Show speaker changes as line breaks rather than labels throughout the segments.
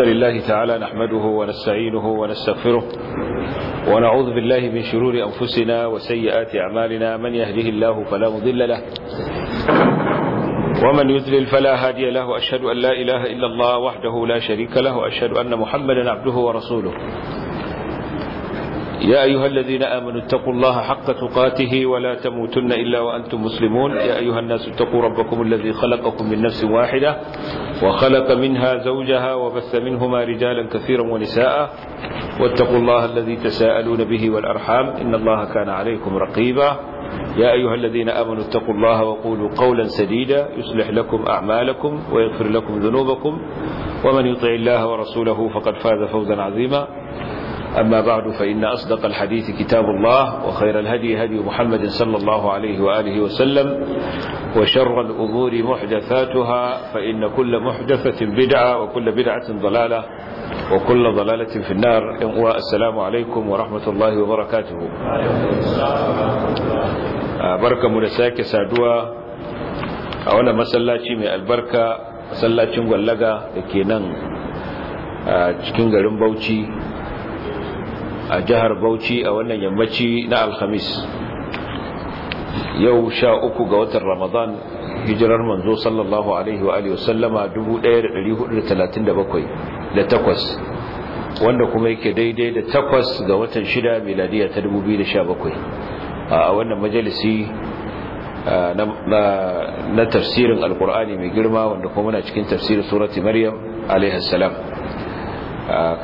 الحمد لله تعالى نحمده ونستعينه ونستغفره ونعوذ بالله من شرور أنفسنا وسيئات أعمالنا من يهده الله فلا مضل له ومن يذلل فلا هادي له أشهد أن لا إله إلا الله وحده لا شريك له أشهد أن محمدا عبده ورسوله يا أيها الذين آمنوا اتقوا الله حق تقاته ولا تموتن إلا وأنتم مسلمون يا أيها الناس اتقوا ربكم الذي خلقكم من نفس واحدة وخلق منها زوجها وبث منهما رجالا كثيرا ونساء واتقوا الله الذي تساءلون به والأرحام إن الله كان عليكم رقيبا يا أيها الذين آمنوا اتقوا الله وقولوا قولا سديدا يصلح لكم أعمالكم ويغفر لكم ذنوبكم ومن يطع الله ورسوله فقد فاز فوزا عظيما أما بعد فإن أصدق الحديث كتاب الله وخير الهدي هدي محمد صلى الله عليه وآله وسلم وشر الأمور محدثاتها فإن كل محدثة بدعة وكل بدعة ضلالة وكل ضلالة في النار والسلام عليكم ورحمة الله وبركاته بركة منساك سادوة أولا مسلاتي من البركة مسلاتي مغلقة لكي نن cikin garin Bauchi a jihar Bauchi a wannan yammaci na Alhamis yau sha uku ga watan Ramadan hijirar manzo sallallahu alaihi wa alihi wasallama 1437 da takwas wanda kuma yake daidai da takwas ga watan shida miladiya ta 2017 a wannan majalisi na tafsirin alkur'ani mai girma wanda kuma muna cikin tafsirin surati maryam alaihi salam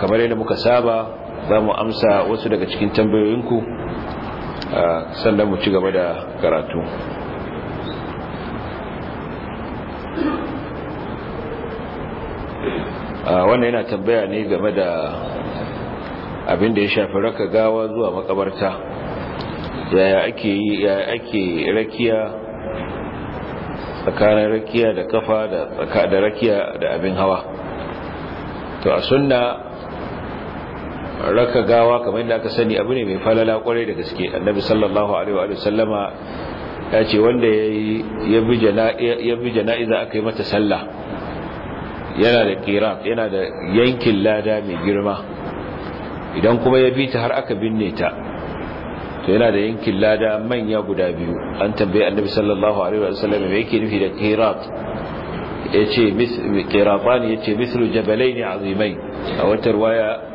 kamar yadda muka saba za mu amsa wasu daga cikin tambayoyinku sannan mu ci gaba da karatu wannan yana tambaya ne game da abin da ya shafi raka gawa zuwa makabarta yaya ake yi yaya ake rakiya tsakanin rakiya da kafa da rakiya da abin hawa to a sunna raka gawa kamar yadda aka sani abu ne mai falala kwarai da gaske annabi sallallahu alaihi wa sallama ya ce wanda ya bi jana'iza aka yi mata sallah yana da kira yana da yankin lada mai girma idan kuma ya bi ta har aka binne ta to yana da yankin lada manya guda biyu an tambaye annabi sallallahu alaihi sallama me yake nufi da qirat yace mis qiratani yace mislu jabalaini azimai a wata riwaya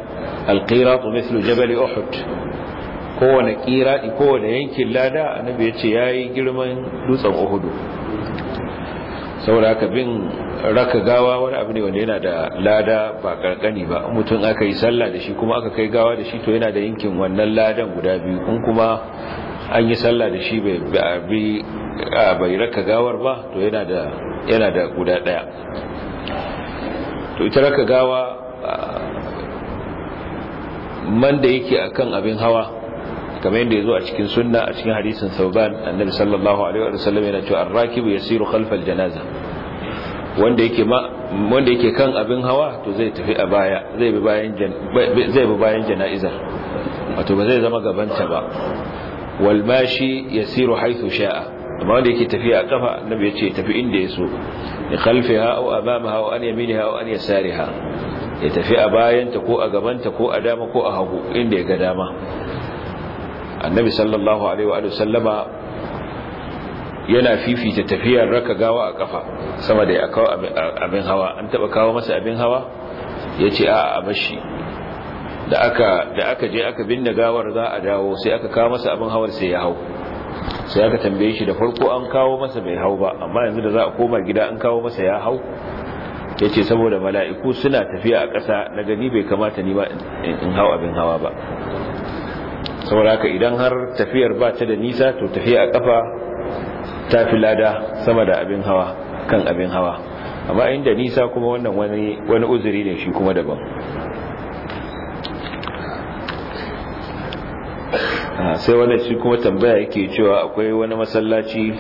القيراط مثل جبل uhud kowane kiradi kowane yankin lada annabi ya ce ya yi girman dutsen Ohudu. saboda haka bin raka gawa wani abu ne wanda yana da lada ba karkani ba mutum aka yi sallah da shi kuma aka kai gawa da shi to yana da yankin wannan ladan guda biyu kun kuma an yi sallah da shi bai raka gawar ba to yana da guda daya to ita raka gawa man da yake akan abin hawa kamar yadda yazo a cikin sunna a cikin hadisin Thauban annabi sallallahu alaihi wa sallam yana cewa ar-rakibu yasiru khalfa al-janaza wanda yake ma wanda yake kan abin hawa to zai tafi a baya zai bi bayan zai bi bayan jana'izar wato ba zai zama gabanta ba wal mashi yasiru haythu sha'a amma wanda yake tafiya a kafa annabi ya ce tafi inda ya so ya khalfiha aw amamaha aw an yaminiha aw an yasariha ya tafi a bayanta ko a gabanta ko a dama ko a hagu inda ya ga dama annabi sallallahu alaihi wa sallama yana fifita tafiyar raka gawa a kafa sama da ya kawo abin hawa an taba kawo masa abin hawa ya ce a a bashi da aka je aka binne gawar za a dawo sai aka kawo masa abin hawar sai ya hau sai aka tambaye shi da farko an kawo masa bai hau ba amma yanzu da za a koma gida an kawo masa ya hau ya ce saboda mala'iku suna tafiya a ƙasa na gani bai kamata ni ba in hau abin hawa ba saboda haka idan har tafiyar ba ta da nisa to tafiya a ƙafa ta fi lada sama da abin hawa kan abin hawa amma inda nisa kuma wannan wani uzuri ne shi kuma daban ah, sai wanda shi kuma tambaya yake cewa akwai wani masallaci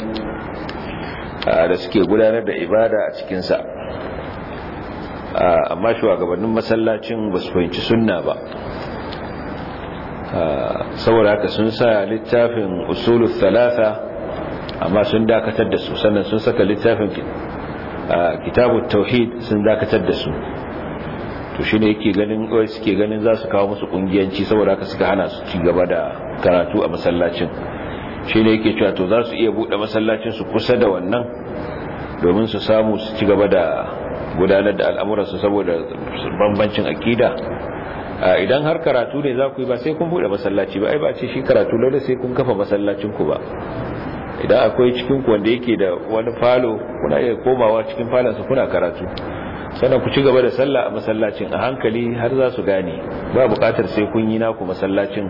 ah, da suke gudanar da ibada a cikinsa amma shugabannin masallacin ba su fahimci sunna ba saboda haka sun sa littafin usulul thalatha amma sun dakatar da su sannan sun saka littafin kitabut tauhid sun dakatar da su to shine yake ganin wai suke ganin za su kawo musu kungiyanci saboda haka suka hana su ci gaba da karatu a masallacin shine yake cewa to za su iya bude masallacin su kusa da wannan domin su samu su ci gaba da gudanar da al'amuransu saboda bambancin akida idan har karatu ne za ku yi ba sai kun buɗe masallaci ba ai ba ce shi karatu lalle sai kun kafa masallacin ku ba idan akwai cikin ku wanda yake da wani falo kuna iya komawa cikin falon su kuna karatu sannan ku ci gaba da sallah a masallacin a hankali har za su gane ba buƙatar sai kun yi naku masallacin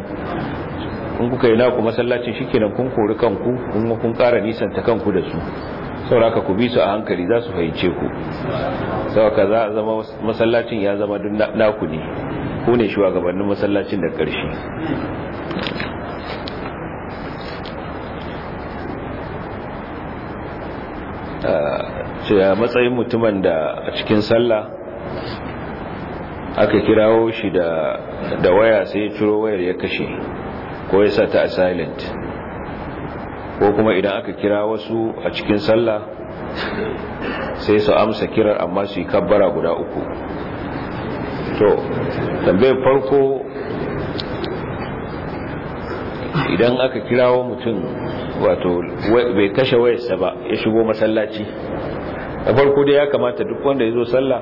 kun kuka yi naku masallacin shikenan kun kori kanku kun kun ƙara nisanta kanku da su sauraka ku bi su a hankali za su fahimce ku sauraka za a zama masallacin ya zama duk naku ne ku ne shugabannin masallacin da ƙarshe ah, a matsayin mutumin da a cikin sallah aka kirawo shi da waya sai ya ciro wayar ya kashe ko ya sa ta a silent ko kuma idan aka kira wasu a cikin sallah sai su amsa kirar amma su yi kabbara guda uku to tambayar farko idan aka kirawo mutum wato bai kashe wayarsa ba ya shigo masallaci a farko dai ya kamata duk wanda ya zo sallah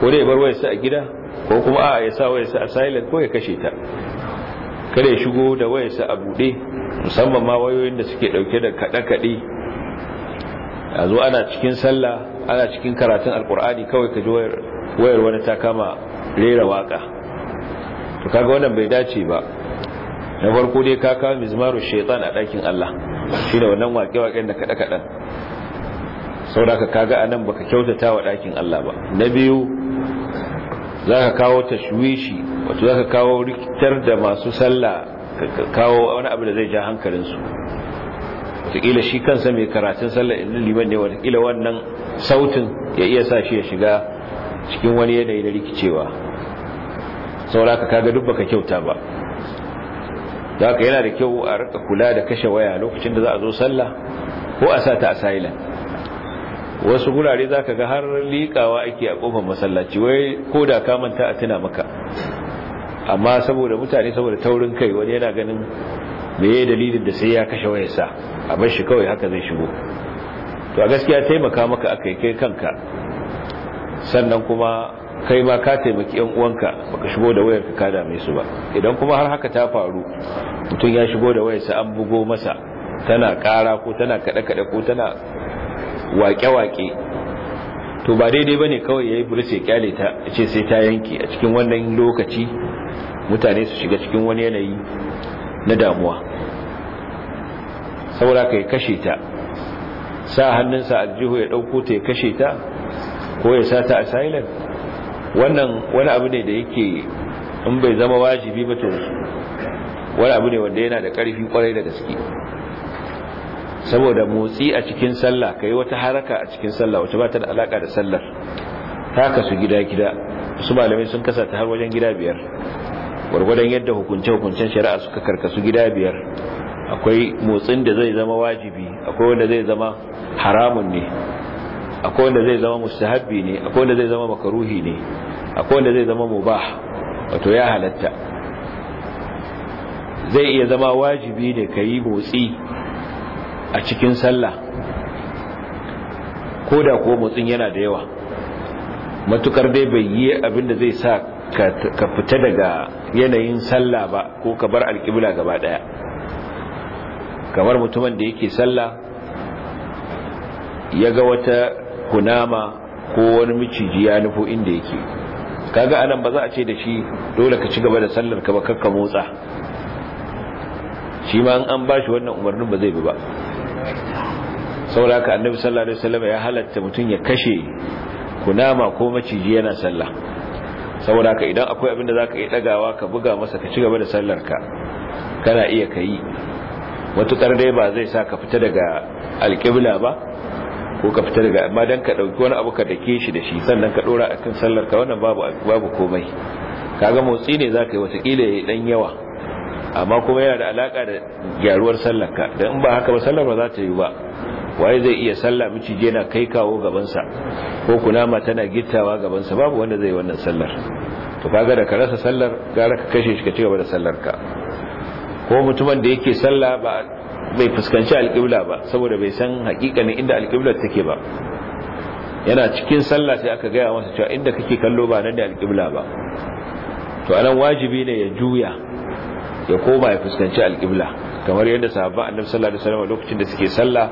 ko dai ya bar wayarsa a gida ko kuma a ya sa wayarsa a silent ko ya kashe ta kada ya shigo da wayarsa a buɗe musamman ma wayoyin da suke dauke da kaɗe-kaɗe a zo ana cikin sallah ana cikin karatun alkur'ani kawai ka ji wayar wani ta kama rera waka to kaga wannan bai dace ba na farko dai ka kawo mizmaru shaytan a dakin Allah shi da wannan waƙe-waƙen da kaɗe-kaɗen ka kaga a nan baka kyautata wa dakin Allah ba na biyu za ka kawo tashwishi wato zaka kawo rikitar da masu sallah ka kawo wani abu da zai ja hankalinsu wataƙila shi kansa mai karatun sallah in liman ne watakila wannan sautin ya iya sa shi ya shiga cikin wani yanayi na rikicewa saboda ka kaga duk baka kyauta ba za haka yana da kyau a rika kula da kashe waya lokacin da za a zo sallah ko a sa ta a sailan wasu gurare za ka ga har liƙawa ake a ƙofar masallaci wai ko da ka manta a tuna maka amma saboda mutane saboda taurin kai wani yana ganin meye dalilin da sai ya kashe wayarsa a bar shi kawai haka zai shigo to a gaskiya taimaka maka akai kai kanka sannan kuma kai ma ka taimaki yan uwanka baka shigo da wayarka ka dame su ba idan kuma har haka ta faru mutum ya shigo da wayarsa an bugo masa tana kara ko tana kada kada ko tana wake-wake to ba daidai ba ne kawai ya yi buris ya kyale ta ya ce sai ta yanke a cikin wannan lokaci mutane su shiga cikin wani yanayi na damuwa Saura ka ya kashe ta sa hannunsa aljihu ya ɗauko ta ya kashe ta ko ya sa ta a silent wannan wani abu ne da yake in bai zama wajibi ba to wani abu ne wanda yana da ƙarfi kwarai da gaske saboda motsi a cikin sallah kai wata haraka a cikin sallah wata ba ta da alaka da sallar ta kasu gida-gida su malamai sun kasa ta har wajen gida biyar gwargwadon yadda hukunce-hukuncen shari'a suka karkasu gida biyar akwai motsin da zai zama wajibi akwai wanda zai zama haramun ne akwai wanda zai zama mustahabbi ne akwai wanda zai zama makaruhi ne akwai wanda zai zama mubah wato ya halatta zai iya zama wajibi ne ka yi motsi a cikin sallah ko da ko motsin yana da yawa matukar dai bai yi abinda zai sa ka fita daga yanayin sallah ba ko ka bar alƙibla gaba ɗaya kamar mutumin da yake sallah ya ga wata kunama ko wani miciji ya nufo inda yake kaga anan ba za a ce da shi dole ka ci gaba da sallar ka ba kakka motsa shi ma an bashi wannan umarnin ba zai bi ba saboda haka annabi sallallahu alaihi wasallam ya halatta mutum ya kashe kunama ko maciji yana sallah saboda idan akwai abin da zaka yi dagawa ka buga masa ka ci gaba da sallar ka kana iya kai matukar dai ba zai sa ka fita daga alqibla ba ko ka fita daga amma dan ka dauki wani abu ka dake shi da shi sannan ka dora akan sallar ka wannan babu babu komai kaga motsi ne zaka yi wata kila dan yawa amma kuma yana da alaka da gyaruwar sallar ka don in ba haka ba sallar ba za ta yi ba waye zai iya sallah miciji na kai kawo gabansa ko kunama tana gittawa gabansa babu wanda zai wannan sallar to kaga da ka rasa sallar gara ka kashe shi ka ci gaba da sallarka ko mutumin da yake sallah ba bai fuskanci alƙibla ba saboda bai san hakikanin inda alƙiblar take ba yana cikin sallah sai aka gaya masa cewa inda kake kallo ba nan da alƙibla ba to anan wajibi ne ya juya ya koma ya fuskanci alƙibla kamar yadda sahabban annabi sallallahu alaihi wasallam lokacin da suke sallah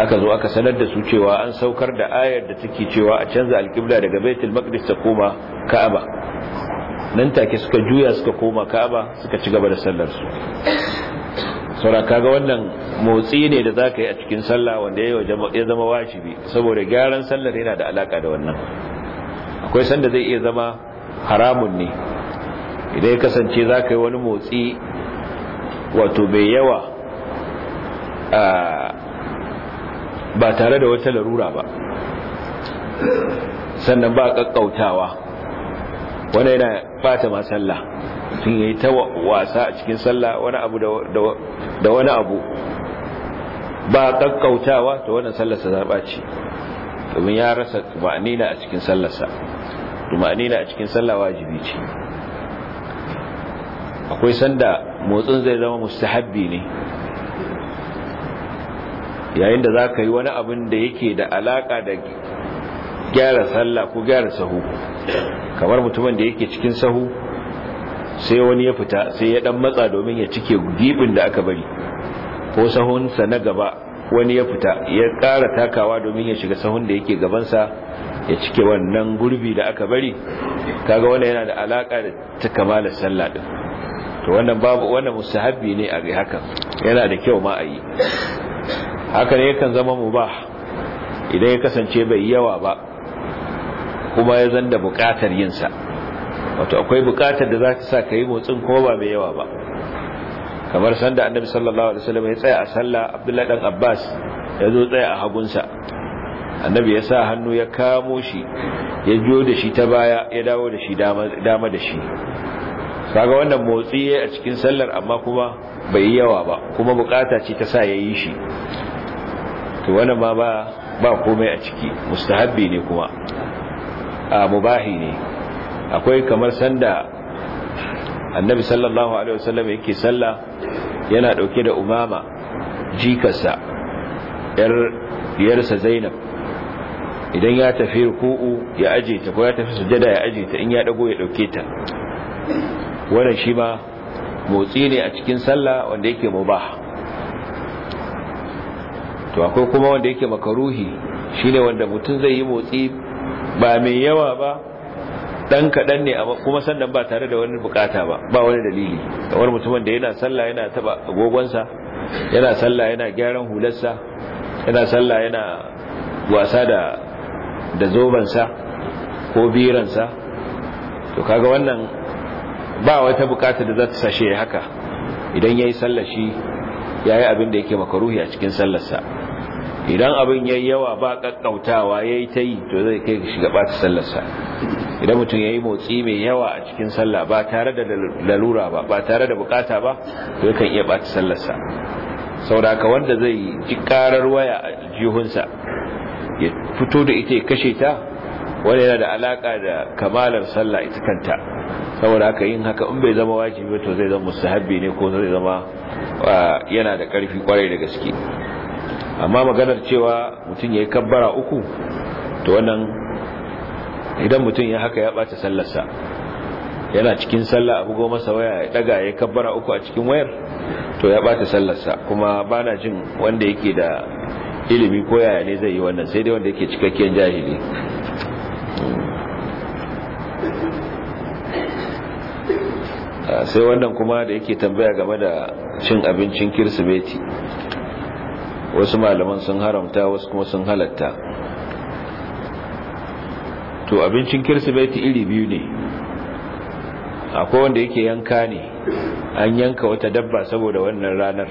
aka zo aka sanar da su cewa an saukar da ayar da take cewa a canza alƙibla daga baitul maqdis ta koma ka'aba nan take suka juya suka koma ka'aba suka ci gaba da sallar su saura kaga wannan motsi ne da zaka yi a cikin sallah wanda ya zama wajibi saboda gyaran sallar yana da alaka da wannan akwai sanda zai iya zama haramun ne idan ya kasance za ka yi wani motsi wato bai yawa ba tare da wata larura ba sannan ba kakkautawa wani yana bata ma sallah sun yi ta wasa a cikin sallah wani abu da wani abu ba kakkautawa ta wannan sallarsa zaɓa ce domin ya rasa tumanina a cikin sallarsa tumanina a cikin sallah wajibi ce akwai sanda motsin zai zama mustahabbi ne yayin da za ka yi wani abin da yake da alaka da gyara sallah ko gyara sahu kamar mutumin da yake cikin sahu sai wani ya fita sai ya dan matsa domin ya cike gibin da aka bari ko sahunsa na gaba wani ya fita ya ƙara takawa domin ya shiga sahun da yake gabansa ya cike wannan gurbi da aka bari kaga wannan yana da alaka da ta kamalar sallah din to wannan babu wannan mustahabbi ne a bi hakan yana da kyau ma a haka ne yakan zama mubah idan ya kasance bai yawa ba kuma ya zanda buƙatar yin sa wato akwai buƙatar da za sa ka yi motsin kuma ba mai yawa ba kamar sanda annabi sallallahu alaihi wasallam ya tsaya a sallah abdullahi dan abbas ya zo tsaya a hagun sa annabi ya sa hannu ya kamo shi ya jo da shi ta baya ya dawo da shi dama da shi kaga wannan motsi a cikin sallar amma kuma bai yi yawa ba kuma bukata ce ta sa yayi shi to wannan ma ba ba komai a ciki mustahabbi ne kuma a mubahi ne akwai kamar sanda annabi sallallahu alaihi wasallam yake salla yana dauke da umama jikarsa yar yarsa zainab idan ya tafi ruku'u ya aje ta ko ya tafi sujada ya aje ta in ya dago ya dauke ta wannan shi ma motsi ne a cikin sallah wanda yake mubah to akwai kuma wanda yake makaruhi shine wanda mutum zai yi motsi ba mai yawa ba dan kadan ne kuma sannan ba tare da wani bukata ba ba wani dalili kamar mutum wanda yana sallah yana taba agogonsa yana sallah yana gyaran hularsa yana sallah yana wasa da da sa ko biran sa to kaga wannan ba wata bukata da za ta sashe ya haka idan ya yi sallashi ya yi abin da yake makaruhi a cikin sallarsa idan abin ya yi yawa ba kakkautawa ya yi ta yi to zai kai shiga ɓata sallarsa idan mutum ya yi motsi mai yawa a cikin sallah ba tare da lalura ba ba tare da bukata ba to yakan iya ɓata sallarsa sauraka wanda zai ji karar waya a jihunsa ya fito da ita ya kashe ta wani yana da alaka da kamalar sallah ita kanta saboda haka yin haka in bai zama wajibi to zai zama mustahabbi ne ko zai zama yana da karfi kwarai da gaske amma maganar cewa mutum yayi kabbara uku to wannan idan mutum ya haka ya bata sallarsa yana cikin sallah abu goma masa waya ya daga ya kabbara uku a cikin wayar to ya bata sallarsa kuma ba na jin wanda yake da ilimi ko yaya ne zai yi wannan sai dai wanda yake cikakken jahili Ah, sai wannan kuma da yake tambaya game da cin abincin kirsimeti wasu malaman sun haramta wasu kuma sun halatta to abincin kirsimeti iri biyu ne akwai wanda yake yanka ne an yanka wata dabba saboda wannan ranar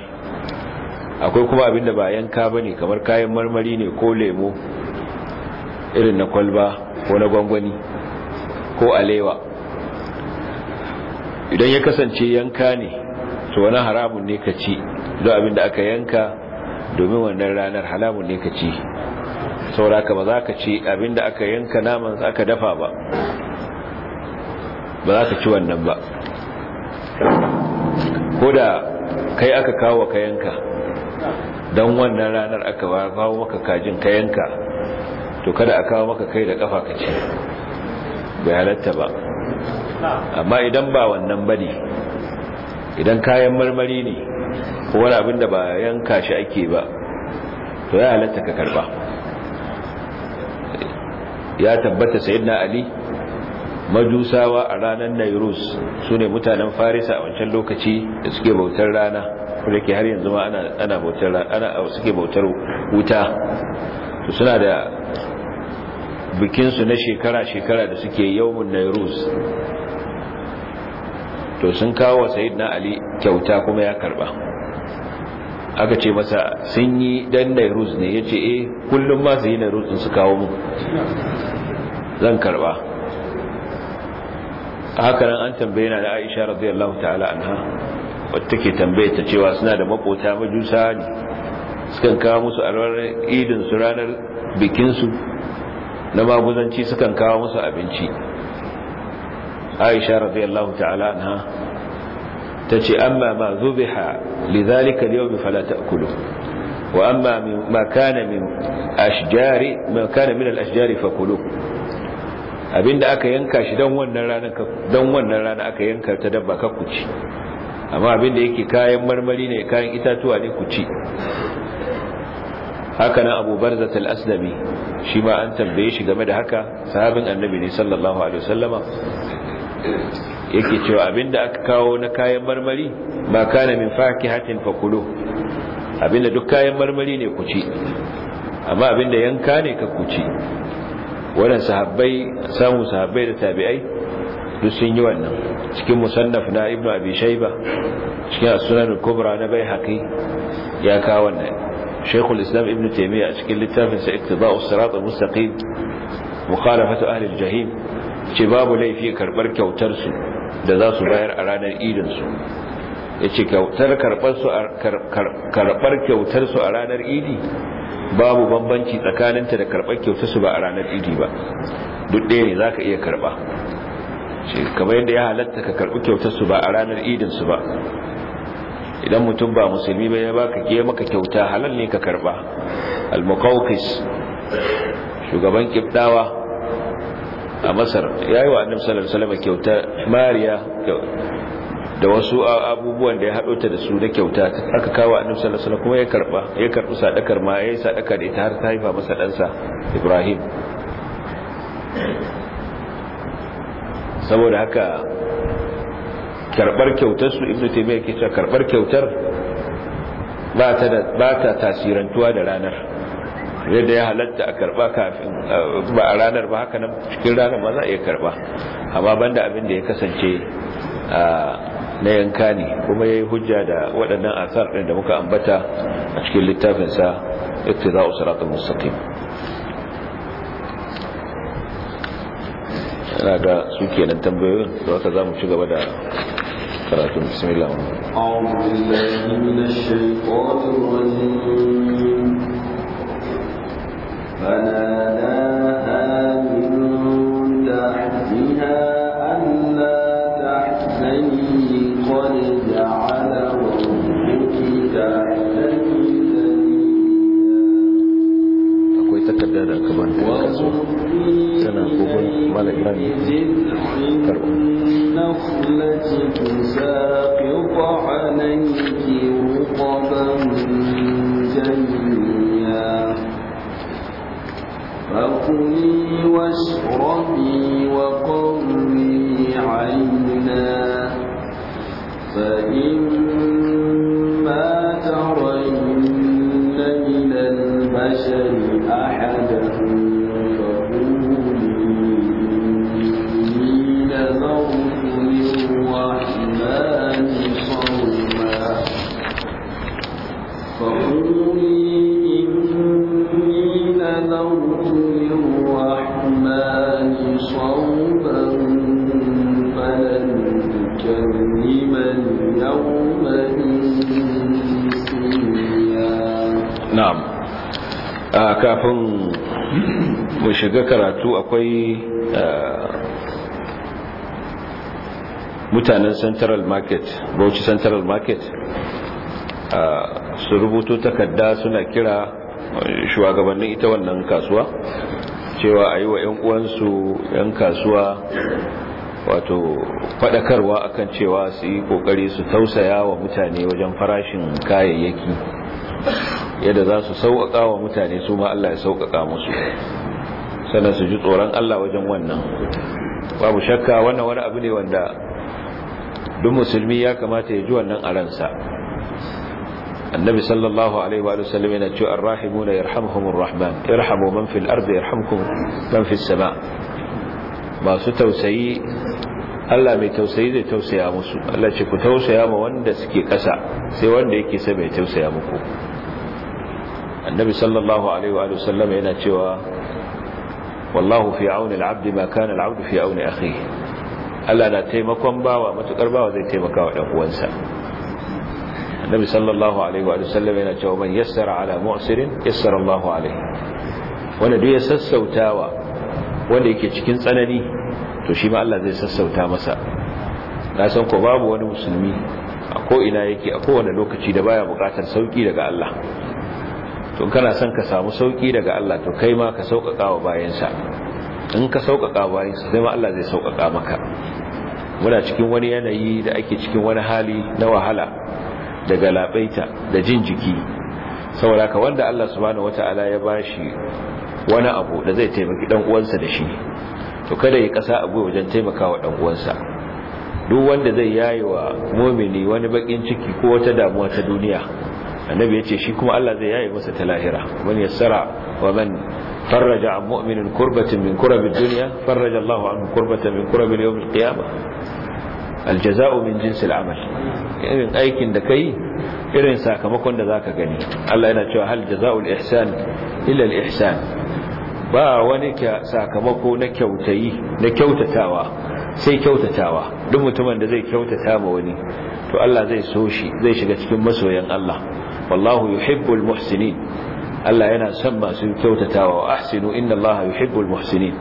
akwai kuma abinda ba yanka ba ne kamar kayan marmari ne ko lemo irin na kwalba ko na gwangwani ko alewa idan ya kasance yanka ne to wani haramun ne ka ci don abin da aka yanka domin wannan ranar halamun ne ka ci sauraka ba za ka ci abin da aka yanka naman aka dafa ba ba za ka ci wannan ba ko da kai aka kawo ka yanka don wannan ranar aka kawo maka kajin ka yanka to kada a kawo maka kai da kafa ka ce bai halatta ba amma idan ba wannan bane idan kayan marmari ne ko wani abin da ba yanka shi ake ba to ya halatta ka karba ya tabbata sayyidina ali majusawa a ranar nairus su ne mutanen farisa a wancan lokaci da suke bautar rana wadda ke har yanzu ma ana bautar wuta su suna da bikinsu na shekara-shekara da suke yawon nairus to sun kawo sayid na ali kyauta kuma ya karba aka ce masa sun yi dan nairus ne ya ce eh kullum ma su yi nairus sun su kawo mu zan karba haka nan an tambaye na da aisha radiyallahu ta'ala anha wadda take tambaye ta cewa suna da makota majusa ne sukan kawo musu alwarar idin su ranar bikinsu na maguzanci sukan kawo musu abinci aisha radiyallahu ta'ala anha tace amma ma zubiha lidhalika al-yawm fala ta'kulu wa amma ma kana min ashjari ma kana min al-ashjari fakulu abinda aka yanka shi dan wannan dan wannan rana aka yanka ta dabba ka kuci amma abinda yake kayan marmari ne kayan itatuwa ne kuci haka na abu barzat al-aslami shi ma an tambaye shi game da haka sahabin annabi ne sallallahu alaihi wasallama yake cewa abinda aka kawo na kayan marmari ba kana min fakihatin fakulu abinda duk kayan marmari ne ku ci amma abinda yanka ne ka ku ci wannan sahabbai samu sahabbai da tabi'ai duk sun yi wannan cikin musannaf na ibnu abi shaiba cikin sunan kubra na baihaqi ya kawo wannan شيخ الإسلام ابن تيمية a cikin littafin الصراط المستقيم مخالفة أهل الجهيم mukhalafatu لي في jahim ce babu laifi karbar kyautar su da za su a ranar kyautar karbar su karbar kyautar su a ranar idi babu bambanci tsakaninta da karbar kyautar su ba a ranar idi ba duk ɗaya ne zaka iya karba kamar yadda ya halatta ka karɓi kyautar su ba a ranar idin su ba idan mutum ba musulmi ba ya baka ke maka kyauta halal ne ka karba al-muqawqis shugaban kiftawa a masar ya yi wa annabi sallallahu alaihi wasallam kyauta mariya da wasu abubuwan da ya haɗo ta da su da kyauta aka kawo annabi sallallahu alaihi wasallam kuma ya karba ya karbi sadakar ma yayi da ita har ta haifa masa dansa Ibrahim saboda haka karbar kyautar su ibnu taymiya yake cewa karbar kyautar ba ta da ba ta tasirantuwa da ranar yadda ya halatta a karba kafin eh, ba a ranar ba haka nan cikin ranar ma za a iya karba amma banda abin da ya kasance a na yanka ne kuma ya yi hujja da waɗannan asar ɗin da muka ambata a cikin littafinsa yadda za a usara ta yana ga su kenan tambayoyin da wata za mu ci gaba da قرأتم بسم الله
أعوذ بالله من الشيطان الرجيم فناداها ولا النخلة تساقط عليك رطبا جنيا فكلي واشربي وقري عينا فإن
kafin mu shiga karatu akwai eh, mutanen central market bauchi central market eh, su rubuto takarda suna kira shugabannin ita wannan kasuwa cewa a yi wa 'yan uwansu 'yan kasuwa wato fadakarwa akan cewa su yi kokari su tausaya wa mutane wajen farashin kayayyaki yadda za su sauƙaƙa wa mutane su ma Allah ya sauƙaƙa musu sannan su ji tsoron Allah wajen wannan babu shakka wannan wani abu ne wanda duk musulmi ya kamata ya ji wannan a ransa annabi sallallahu alaihi wa sallam yana cewa arrahimuna yarhamhumur rahman irhamu man fil ardi yarhamkum man fis sama masu tausayi Allah mai tausayi zai tausaya musu Allah ce ku tausaya ma wanda suke ƙasa sai wanda yake sai bai tausaya muku annabi sallallahu alaihi wa sallam yana cewa wallahu fi auni al-abd ma kana al-abd fi Allah na taimakon bawa matukar bawa zai taimaka wa dan uwansa annabi sallallahu alaihi wa sallam yana cewa man yassara ala mu'sirin yassara Allahu alaihi wanda duk ya sassautawa wanda yake cikin tsanani to shi ma Allah zai sassauta masa na san ko babu wani musulmi a ko ina a kowane lokaci da baya bukatar sauki daga Allah to kana son ka samu sauki daga Allah to kai ma ka sauƙaƙa wa bayansa in ka sauƙaƙa wa bayansa sai ma Allah zai sauƙaƙa maka muna cikin wani yanayi da ake cikin wani hali na wahala daga labaita da jin jiki saboda ka wanda Allah subhanahu wataala ya bashi wani abu da zai taimaki dan uwansa da shi to kada ya kasa abu wajen taimakawa dan uwansa duk wanda zai yayi wa mu'mini wani bakin ciki ko wata damuwa ta duniya annabi yace shi kuma Allah zai yaye masa ta lahira man yassara wa man farraja an mu'minin kurbatin min kurabi dunya farraja Allahu an kurbatan min kurabi yawm al-qiyamah aljaza'u min jinsi al'amal irin aikin da kai irin sakamakon da zaka gani Allah yana cewa hal jaza'ul ihsan illa al ihsan ba wani sakamako na kyautayi na kyautatawa sai kyautatawa duk mutumin da zai kyautata ma wani to Allah zai so shi zai shiga cikin masoyan Allah wallahu yuhibbul muhsinin Allah yana son masu kyautatawa wa ahsinu inna Allah yuhibbul muhsinin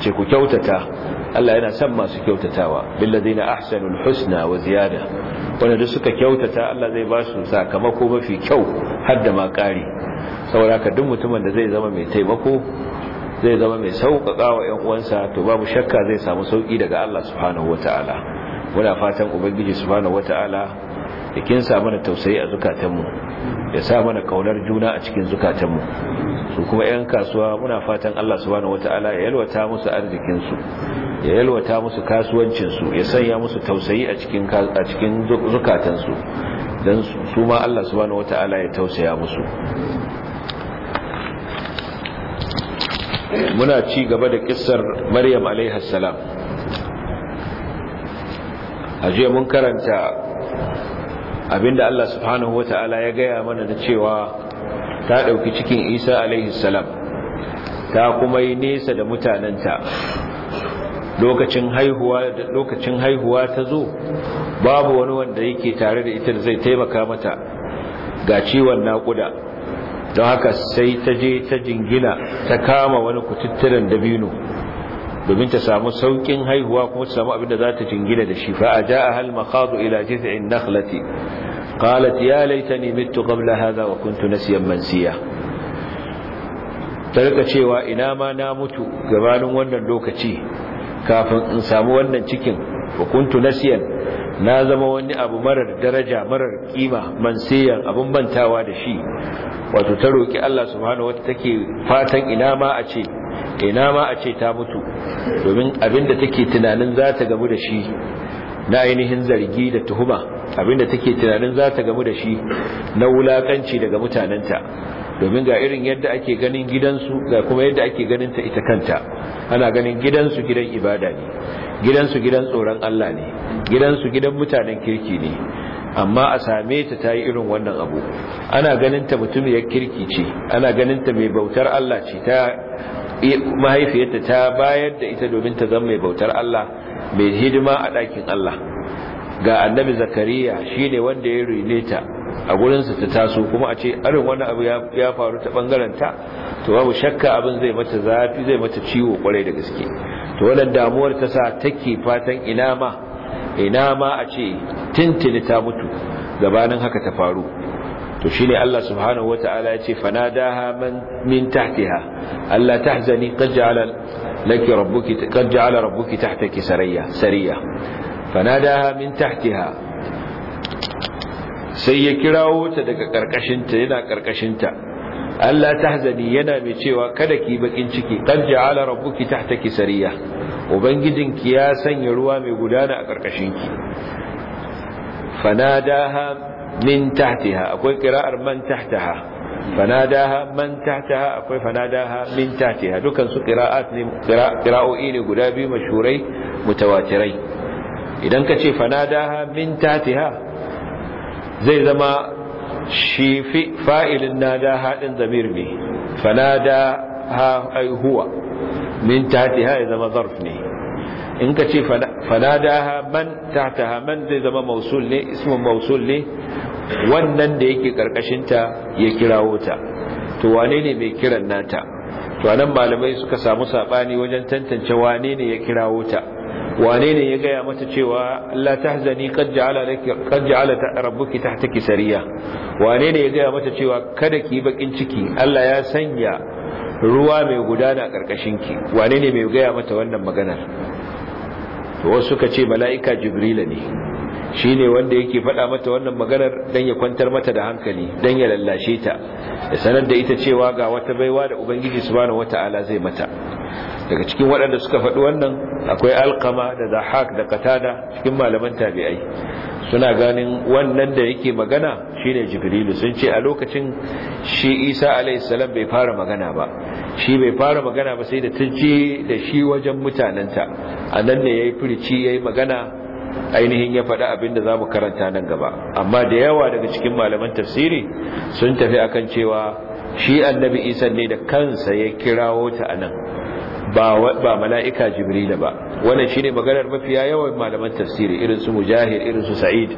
ce kyautata Allah yana son masu kyautatawa bil ladina ahsanul husna wa ziyada wanda duk suka kyautata Allah zai ba su sakamako mafi kyau har da ma kare saboda ka duk mutumin da zai zama mai taimako zai zama mai sauƙaƙa wa ƴan uwansa to babu shakka zai samu sauƙi daga Allah subhanahu wataala muna fatan ubangiji subhanahu wataala da kin sa mana tausayi a zukatanmu ya sa mana kaunar juna a cikin zukatanmu su kuma 'yan kasuwa muna fatan Allah subhanahu wata'ala ya yalwata musu arzikinsu ya yalwata musu kasuwancinsu ya sanya musu tausayi a cikin a cikin zukatansu dan su ma Allah subhanahu wata'ala ya tausaya musu muna ci gaba da kissar Maryam alaiha salam aje mun karanta abinda Allah subhanahu wata'ala ya gaya mana da cewa ta ɗauki cikin Isa alaihi salam ta kuma yi nesa da mutanenta lokacin haihuwa lokacin haihuwa ta zo babu wani wanda yake tare da ita da zai taimaka mata ga ciwon naƙuda don haka sai ta je ta jingina ta kama wani kututturen dabino domin ta samu saukin haihuwa kuma ta samu abin da za ta jingina da shi fa ajaaha al-makhadu ila jiz'in nakhlati qalat ya laitani mittu qabla hadha wa kuntu nasiyan mansiya ta rika cewa ina ma na mutu gabanin wannan lokaci kafin in samu wannan cikin wa kuntu nasiyan na zama wani abu marar daraja marar kima mansiyan abun bantawa da shi wato ta roki Allah subhanahu wataala take fatan ina ma a ce ina ma a ce ta mutu domin abinda take tunanin za ta gamu da shi na ainihin zargi da tuhuma abinda take tunanin za ta gamu da shi na wulakanci daga mutanenta domin ga irin yadda ake ganin gidansu ga kuma yadda ake ganin ta ita kanta ana ganin gidansu gidan ibada ne gidansu gidan tsoron Allah ne gidansu gidan mutanen kirki ne amma a same ta tayi irin wannan abu ana ganin ta mutumiyar kirki ce ana ganin ta mai bautar Allah ce ta mahaifiyarta ta bayar da ita domin ta zama mai bautar Allah mai hidima a ɗakin Allah ga annabi zakariya shi ne wanda ya rune ta a gurinsa ta taso kuma a ce arin wani abu ya faru ta ta to babu shakka abin zai mata zafi zai mata ciwo kwarai da gaske to wannan damuwar ta sa take fatan ina ma ina ma a ce tintini ta mutu gabanin haka ta faru to shine Allah subhanahu wataala ya ce fanadaha man min tahtiha Allah tahzani qad ja'ala laki rabbuki qad ja'ala rabbuki tahtaki sariya sariya fanadaha min tahtiha sai ya kirawo ta daga karkashinta yana karkashinta Allah tahzani yana mai cewa kada ki bakin ciki qad ja'ala rabbuki tahtaki sariya ubangijinki ya sanya ruwa mai gudana a karkashinki fanadaha min tahtiha akwai kiraar man tahtaha fanadaha man tahtaha akwai fanadaha min tahtiha dukan su qira'at ne qira'o'i ne guda biyu mashhurai mutawatirai idan ka ce fanadaha min tahtiha zai zama shi fi fa'ilin nadaha din zamir ne fanadaha ai huwa min tahtiha ya zama zarf ne in ka ce fanadaha man tahtaha man zai zama mausul ne ismin mausul ne wannan da yake karkashin ta ya kirawo ta to wane ne mai kiran nata to anan malamai suka samu sabani wajen tantance wane ne ya kirawo ta wane ne ya gaya mata cewa la tahzani qad ja'ala laki qad ja'ala rabbuki tahtaki sariya wane ne ya gaya mata cewa kada ki bakin ciki Allah ya sanya ruwa mai gudana a karkashin wane ne mai gaya mata wannan maganar to wasu suka ce mala'ika jibrila ne shi ne wanda yake faɗa mata wannan maganar don ya kwantar mata da hankali don ya lallashe ta da sanar da ita cewa ga wata baiwa da ubangiji subhanahu wata'ala zai mata daga cikin waɗanda suka faɗi wannan akwai alkama da zahak da katada cikin malaman tabi'ai suna ganin wannan da yake magana shine jibrilu sun ce a lokacin shi isa salam bai fara magana ba shi bai fara magana ba sai da je da shi wajen mutanenta a nan ne ya yi yayi ya yi magana ainihin ya faɗi abin da za mu karanta nan gaba amma da yawa daga cikin malaman tafsiri sun tafi akan cewa shi annabi isa ne da kansa ya kirawo ta anan. ba mala'ika jibrila ba shi ne maganar mafiya yawan malaman tafsiri irin su mujahid irin su sa'id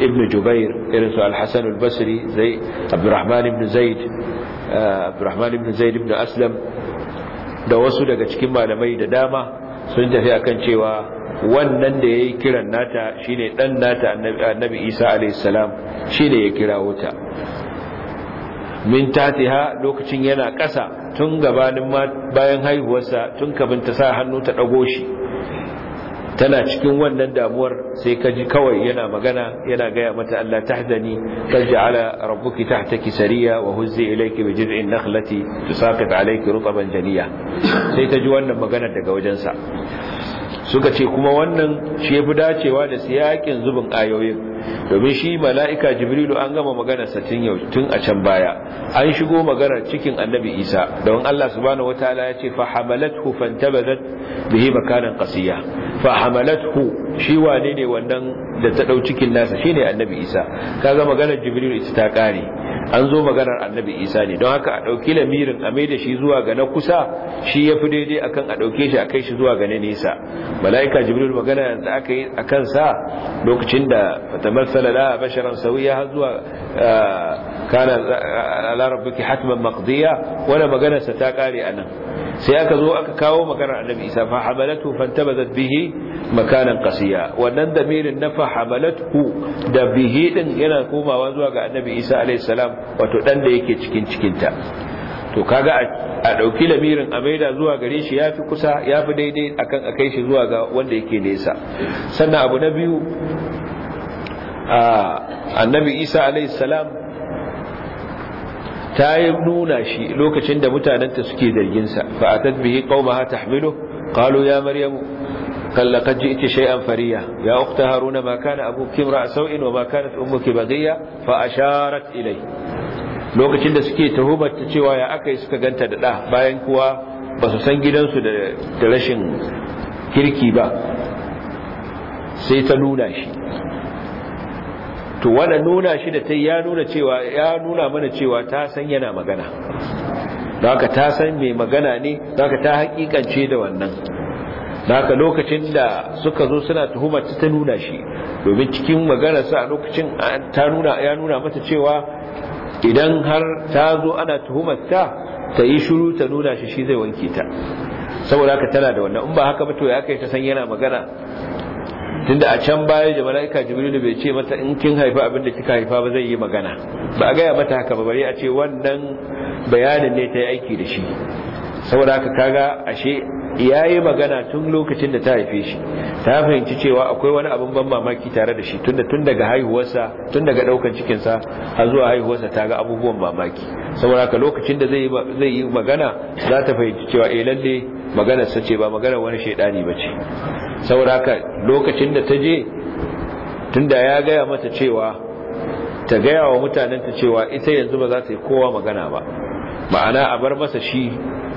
ibn jubair irin su al basri zai abdurrahman ibn zaid eh, abdurrahman ibn zaid ibn aslam da wasu daga cikin malamai da dama sun tafi akan cewa wannan da yayi kiran nata ne dan nata annabi isa alayhi salam shine ya kira wuta. min tatiha lokacin yana ƙasa tun gabanin bayan haihuwarsa tun kabin ta sa hannu ta ɗago shi tana cikin wannan damuwar sai ka ji kawai yana magana yana gaya mata Allah tahzani qad ja'ala rabbuki tahtaki sariya wa huzzi ilayki bi jiz'in nakhlati tusaqit alayki rutban janiya sai ta ji wannan magana daga wajensa suka ce kuma wannan shi ya fi dacewa da siyakin zubin ayoyin domin shi mala'ika jibrilu an gama maganarsa tun yau tun a can baya an shigo maganar cikin annabi isa don allah subhanahu ala ya ce fahamalathu fantabazat bihi makanan qasiya fahamalathu shi wane ne wannan da ta ɗau cikin nasa shi ne annabi isa Ka kaga maganar jibrilu ita ta ƙare. an zo maganar annabi isa ne don haka a ɗauki lamirin a da shi zuwa ga na kusa shi ya fi daidai akan a ɗauke shi a kai shi zuwa ga na nesa mala'ika jibril magana da aka yi a kansa lokacin da fatamassala la basharan sawiya har zuwa ah, kana ah, ala hatman maqdiya wani maganarsa ta kare a nan sai aka zo aka kawo maganar annabi isa fa hamalatu fantabazat bihi makanan qasiya wannan damirin na fa hamalatu da bihi din yana komawa zuwa ga annabi isa alayhi salam wato dan da yake cikin cikinta to kaga a dauki lamirin a maida zuwa gare shi yafi kusa yafi daidai akan a kai shi zuwa ga wanda yake nesa sannan abu na biyu annabi isa alayhi salam ta yi nuna shi lokacin da mutanenta suke zarginsa fa atat bihi qaumaha tahmilu qalu ya maryamu قال لقد جئت شيئا haruna يا أخت هارون ما كان أبوك امرأ سوء وما كانت أمك بغية فأشارت ilai lokacin da suke tuhumar ta cewa ya aka yi suka ganta da ɗa bayan kuwa ba su san gidansu da rashin kirki ba sai ta nuna shi to wanda nuna shi da ta ya nuna cewa ya nuna mana cewa ta san yana magana da haka ta san mai magana ne da haka ta hakikance da wannan da haka lokacin da suka zo suna tuhumar ta nuna shi domin cikin maganarsa a lokacin ta nuna ya nuna mata cewa idan har ta zo ana tuhumar ta ta yi shuru ta nuna shi shi zai wanke ta saboda haka tana da wannan in ba haka ba to ya kai ta san yana magana tunda a can baya da mala'ika jibrilu bai ce mata in kin haifa abin da kika haifa ba zai yi magana ba a gaya mata haka ba bari a ce wannan bayanin ne ta yi aiki da shi saboda haka kaga ashe ya yi magana tun lokacin da ta haife shi ta fahimci cewa akwai wani abin ban mamaki tare da shi tunda tun daga haihuwarsa tun daga daukan sa har zuwa haihuwarsa ta ga abubuwan mamaki saboda haka lokacin da zai yi magana za ta fahimci cewa eh lalle maganar ce ba maganar wani shaidani bace saboda haka lokacin da ta je tunda ya gaya mata cewa ta gaya wa mutanen ta cewa ita yanzu ba za ta yi kowa magana ba ma'ana a bar masa shi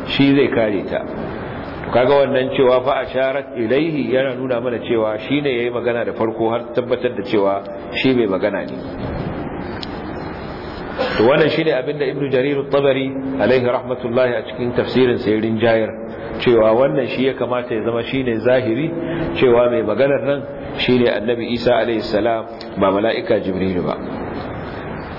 shi zai kare ta kaga wannan cewa fa asharat ilaihi yana nuna mana cewa shi shine yayi magana da farko har tabbatar da cewa shi mai magana ne to wannan shine abin da ibnu jarir at-tabari alaihi rahmatullahi a cikin tafsirin sayrin jayir cewa wannan shi ya kamata ya zama shine zahiri cewa mai maganar nan shine annabi isa alaihi salam ba mala'ika jibril ba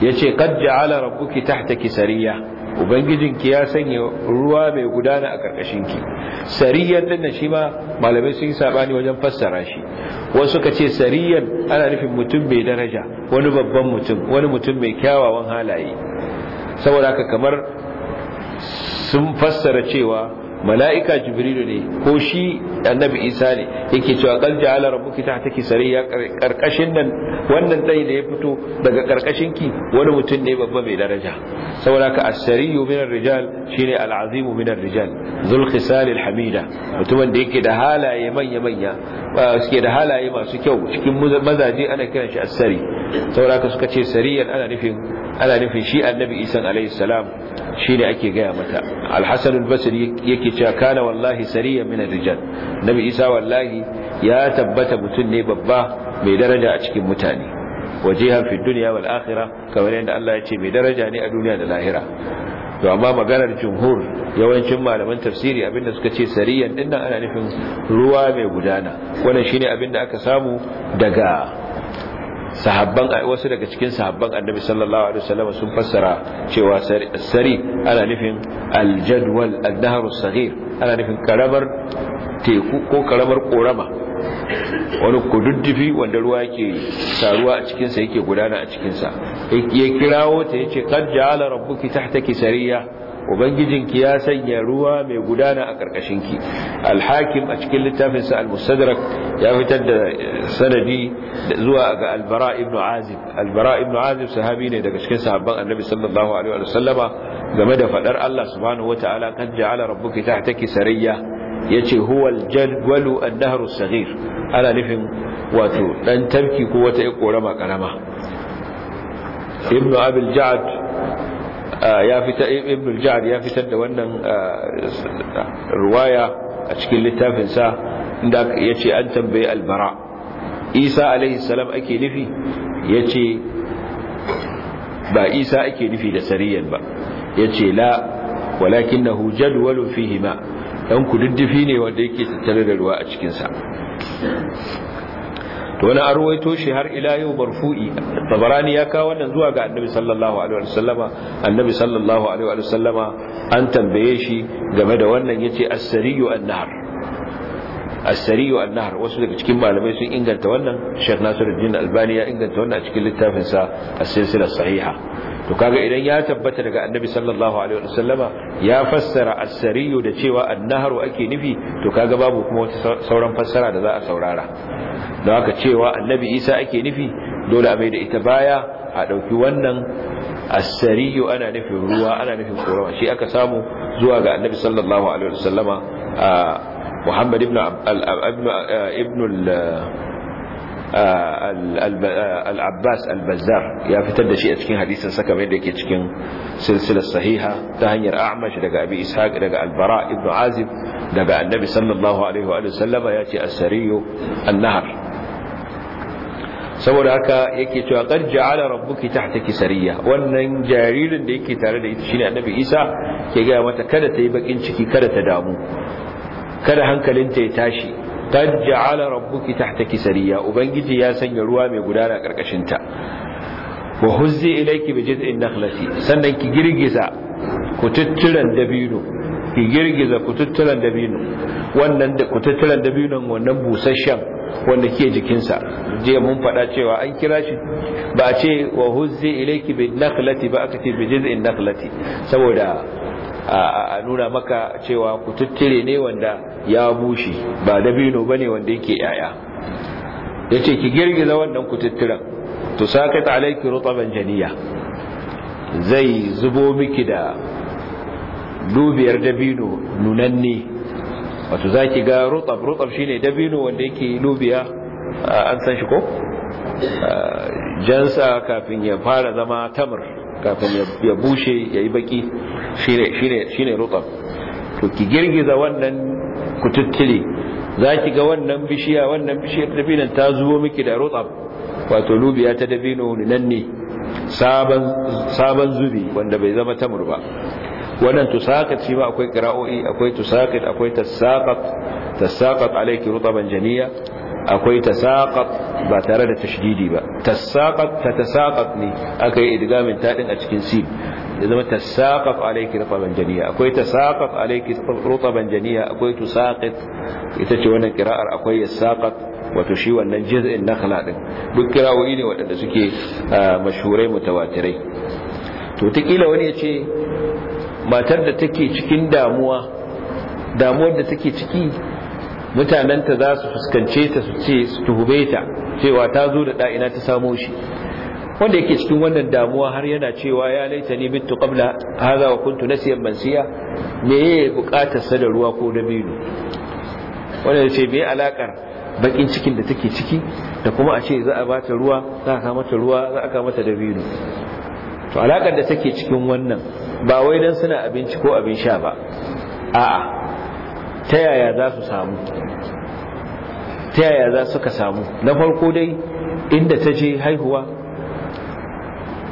yace qad ja'ala rabbuki tahtaki sariya ubangijin ki ya sanya ruwa mai gudana a ki sariyan din shi ma malamai sun yi sabani wajen fassara shi wasu ka ce sariyan ana nufin mutum mai daraja wani babban mutum wani mutum mai kyawawan halaye saboda haka kamar sun fassara cewa mala'ika jibrilu ne ko shi annabi isa ne yake cewa qal ja'ala rabbuki tahtaki sariya karkashin nan wannan dai da ya fito daga karkashin ki wani mutum ne babba mai daraja saboda ka as-sariyu rijal shine al-azimu min rijal zul khisal al-hamida mutumin da yake da halaye manya manya suke da halaye masu kyau cikin mazaje ana kiran shi as saboda ka suka ce sariyan ana nufin ana nufin shi annabi isa alayhi salam shine ake gaya mata al-hasan al-basri yake cewa kana wallahi sariya min ar-rijal nabi isa wallahi ya tabbata mutun ne babba mai daraja a cikin mutane wajiha fi dunya wal akhirah kamar yadda Allah ya ce mai daraja ne a duniya da lahira to amma maganar jumhur yawancin malaman tafsiri abinda suka ce sariyan dinnan ana nufin ruwa mai gudana wannan shine abinda aka samu daga sahabban wasu daga cikin sahabban annabi sallallahu alaihi wasallam sun fassara cewa sari ana nufin aljadwal annahar sagir ana nufin karamar teku ko karamar korama wani kududdufi wanda ruwa yake taruwa a cikinsa yake gudana a cikinsa ya kirawo ta yace qad ja'ala rabbuki tahtaki sariya ubangijinki ya sanya ruwa mai gudana a karkashinki alhakim a cikin littafinsa al-mustadrak ya fitar da sanadi zuwa ga albara ibn azib albara ibn azib sahabi ne daga cikin sahabban annabi sallallahu alaihi wa sallama game da fadar Allah subhanahu wataala kan ja'ala rabbuki tahtaki sarayya yace huwa al-jalwalu an-nahru as-saghir ana nufin wato dan tarki ko wata korama karama ibn abil ja'd ya fita ibn al-ja'd ya fitar da wannan ruwaya a cikin littafin sa inda yace an tambaye al-bara isa alaihi salam ake nufi yace ba isa ake nufi da sariyan ba yace la walakinahu jadwalun fihima dan kududdufi ne wanda yake tattare da ruwa a cikin sa wani arwaito shi har ila yau marfu'i tabarani ya kawo wannan zuwa ga annabi sallallahu alaihi wa sallama annabi sallallahu alaihi wa sallama an tambaye shi game da wannan yace as-sariyu an-nar as-sariyu wasu daga cikin malamai sun inganta wannan Sheikh Nasiruddin Albani ya inganta wannan a cikin littafinsa a silsila sahiha to kaga idan ya tabbata daga Annabi sallallahu alaihi ya fassara as da cewa annahar ake nufi to kaga babu kuma wata sauran fassara da za a saurara don haka cewa Annabi Isa ake nufi dole a da ita baya a ɗauki wannan as ana nufin ruwa ana nufin korawa shi aka samu zuwa ga Annabi sallallahu alaihi a muhammad ibn al-abbas al-bazzar ya fitar da shi a cikin hadisin saka mai da ke cikin silsilar sahiha ta hanyar amash daga abi ishaq daga albara ibn azib daga annabi sallallahu alaihi wa sallama ya ce as-sariyu an-nahar saboda haka yake cewa qad ja'ala rabbuki tahtaki sariya wannan jaririn da yake tare da ita shine annabi isa ke ga mata kada ta yi baƙin ciki kada ta damu kada hankalinta ya tashi qad ja'ala rabbuki tahta sariya ubangiji ya sanya ruwa mai gudana karkashin ta wa huzzi ilayki bi jid'in nakhlati sannan ki girgiza kututturan dabino ki girgiza kututturan dabino wannan da kututturan dabino wannan busasshen wanda ke jikinsa je mun faɗa cewa an kira shi ba ce wa huzzi ilayki bi nakhlati ba aka bi jid'in nakhlati saboda a nuna maka cewa tattire ne wanda ya bushe ba dabino bane wanda yake yaya yace ki girgiza wannan tattiran to sakat alayki rutaban janiya zai zubo miki da dubiyar dabino nunanne wato zaki ga rutab rutab shine dabino wanda yake lubiya an san shi ko jansa kafin ya fara zama tamar kafin ya bushe ya yi baki ne rutab to ki girgiza wannan kututtuli za ki ga wannan bishiya wannan bishiyar dabinan ta zubo miki da rutab wato lubiya ta dabino nan ne sabon zubi wanda bai zama tamur ba wannan tusakat shi ma akwai qira'o'i akwai tusakat akwai tasaqat tasaqat alaiki rutaban janiya akwai tasaqat ba tare da tashdidi ba tasaqat tasaqat ne akai idgamin tadin a cikin sin ya zama tasaqat alayki rutban janiya akwai tasaqat alayki rutban janiya akwai tusaqit ita ce wannan qira'ar akwai yasaqat wato shi wannan juz'in nakhla din duk qira'o'i ne wadanda suke mashhurai mutawatirai to takila wani ya ce matar da take cikin damuwa damuwar da take ciki mutanenta za su fuskance ta su ce su tuhube ta cewa ta zo da ɗa'ina ta samo shi wanda yake cikin wannan damuwa har yana cewa ya laita ni bitu qabla hadha wa kuntu nasiyan mansiya me ya bukatar sa da ruwa ko dabino wanda yace me alakar bakin cikin da take ciki da kuma a ce za a bata ruwa za a ka mata ruwa za a ka mata dabino to alakar da take cikin wannan ba wai dan suna abinci ko abin sha ba a'a ta yaya za su samu ta yaya za suka samu na farko dai inda ta je haihuwa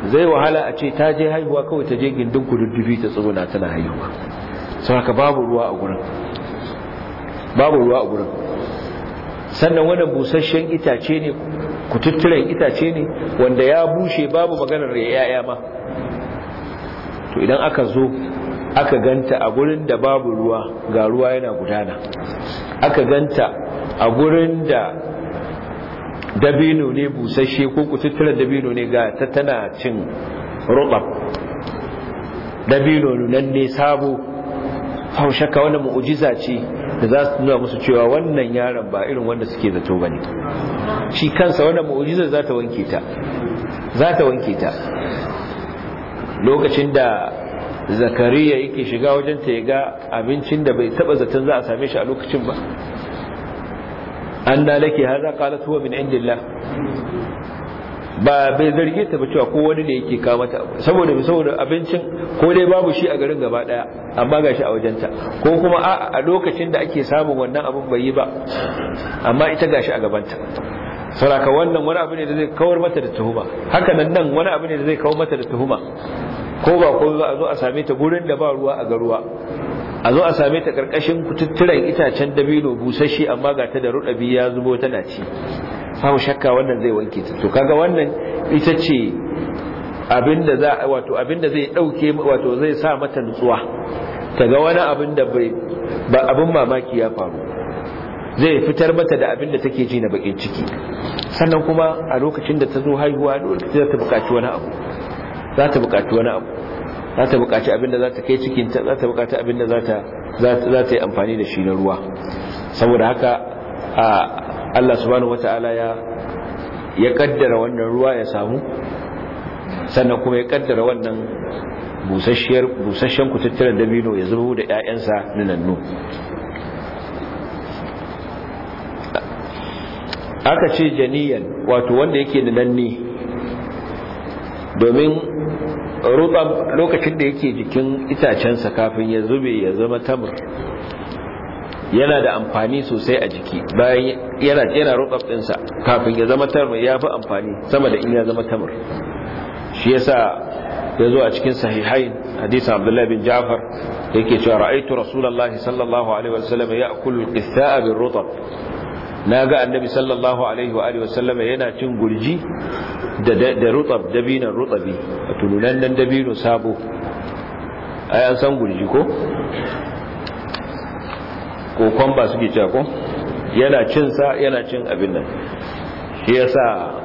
zai wahala a ce ta je haihuwa kawai ta je gindin kududdufi ta tsuguna tana haihuwa sau haka babu ruwa a gurin babu ruwa a gurin sannan wani busasshen itace ne kututturen itace ne wanda ya bushe babu maganar ya yaya ma to idan aka zo aka ganta a gurin da babu ruwa ga ruwa yana gudana aka ganta a gurin da dabino ne busashe ko kututturar dabino ne ga ta tana cin rubab dabino nan ne sabo haushaka wani mu'ujiza ce da za su nuna musu cewa wannan yaron ba irin wanda suke zato ba ne shi kansa wannan mu'ujiza za ta wanke ta lokacin da zakariya yake shiga wajen ta ya ga abincin da bai taba zaton za a same shi a lokacin ba an na lake za kala tuwa min indillah ba bai zarge ta ba cewa ko wani ne yake kawo mata saboda saboda abincin ko dai babu shi a garin gaba daya amma ga shi a wajenta ko kuma a lokacin da ake samun wannan abin bai yi ba amma ita ga shi a gabanta saraka wannan wani abu ne da zai kawar mata da tuhuma haka nan nan wani abu ne da zai kawar mata da tuhuma ko ba ko za a zo a same ta gurin da ba ruwa a garuwa a zo a same ta karkashin kututturan itacen dabino busashi amma ga ta da rudabi ya zubo tana ci samu shakka wannan zai wanke ta to kaga wannan ita ce abinda za wato abinda zai dauke wato zai sa mata nutsuwa kaga wani abin da ba abin mamaki ya faru zai fitar mata da abin da take ji na bakin ciki sannan kuma a lokacin da ta zo haihuwa dole ta bukaci wani abu za ta bukaci wani abu za ta bukaci abinda za ta kai cikinta za ta bukaci abinda za ta yi amfani da shi na ruwa saboda haka a Allah subhanahu wata'ala ya ya kaddara wannan ruwa ya samu sannan kuma ya kaddara wannan busasshiyar busasshen kututturen dabino ya zubo da 'ya'yansa na nannu aka ce janiyan wato wanda yake da nanni domin rutsa lokacin da yake jikin itacensa kafin ya zube ya zama tamar yana da amfani sosai a jiki bayan yana jera rutsa sa kafin ya zama tamar ya fi amfani sama da in ya zama tamar shi yasa ya zo a cikin sahihain hadisin abdullahi bin ja'far yake cewa ra'aitu rasulullahi sallallahu alaihi wasallam ya'kulu al-qitha'a bil rutab na ga annabi sallallahu alaihi wa alihi wasallama yana cin gurji da rutab dabinan rutabi a tununan nan dabino sabo ai an san gurji ko ko kwamba suke cewa ko yana cin sa yana cin abin nan shi yasa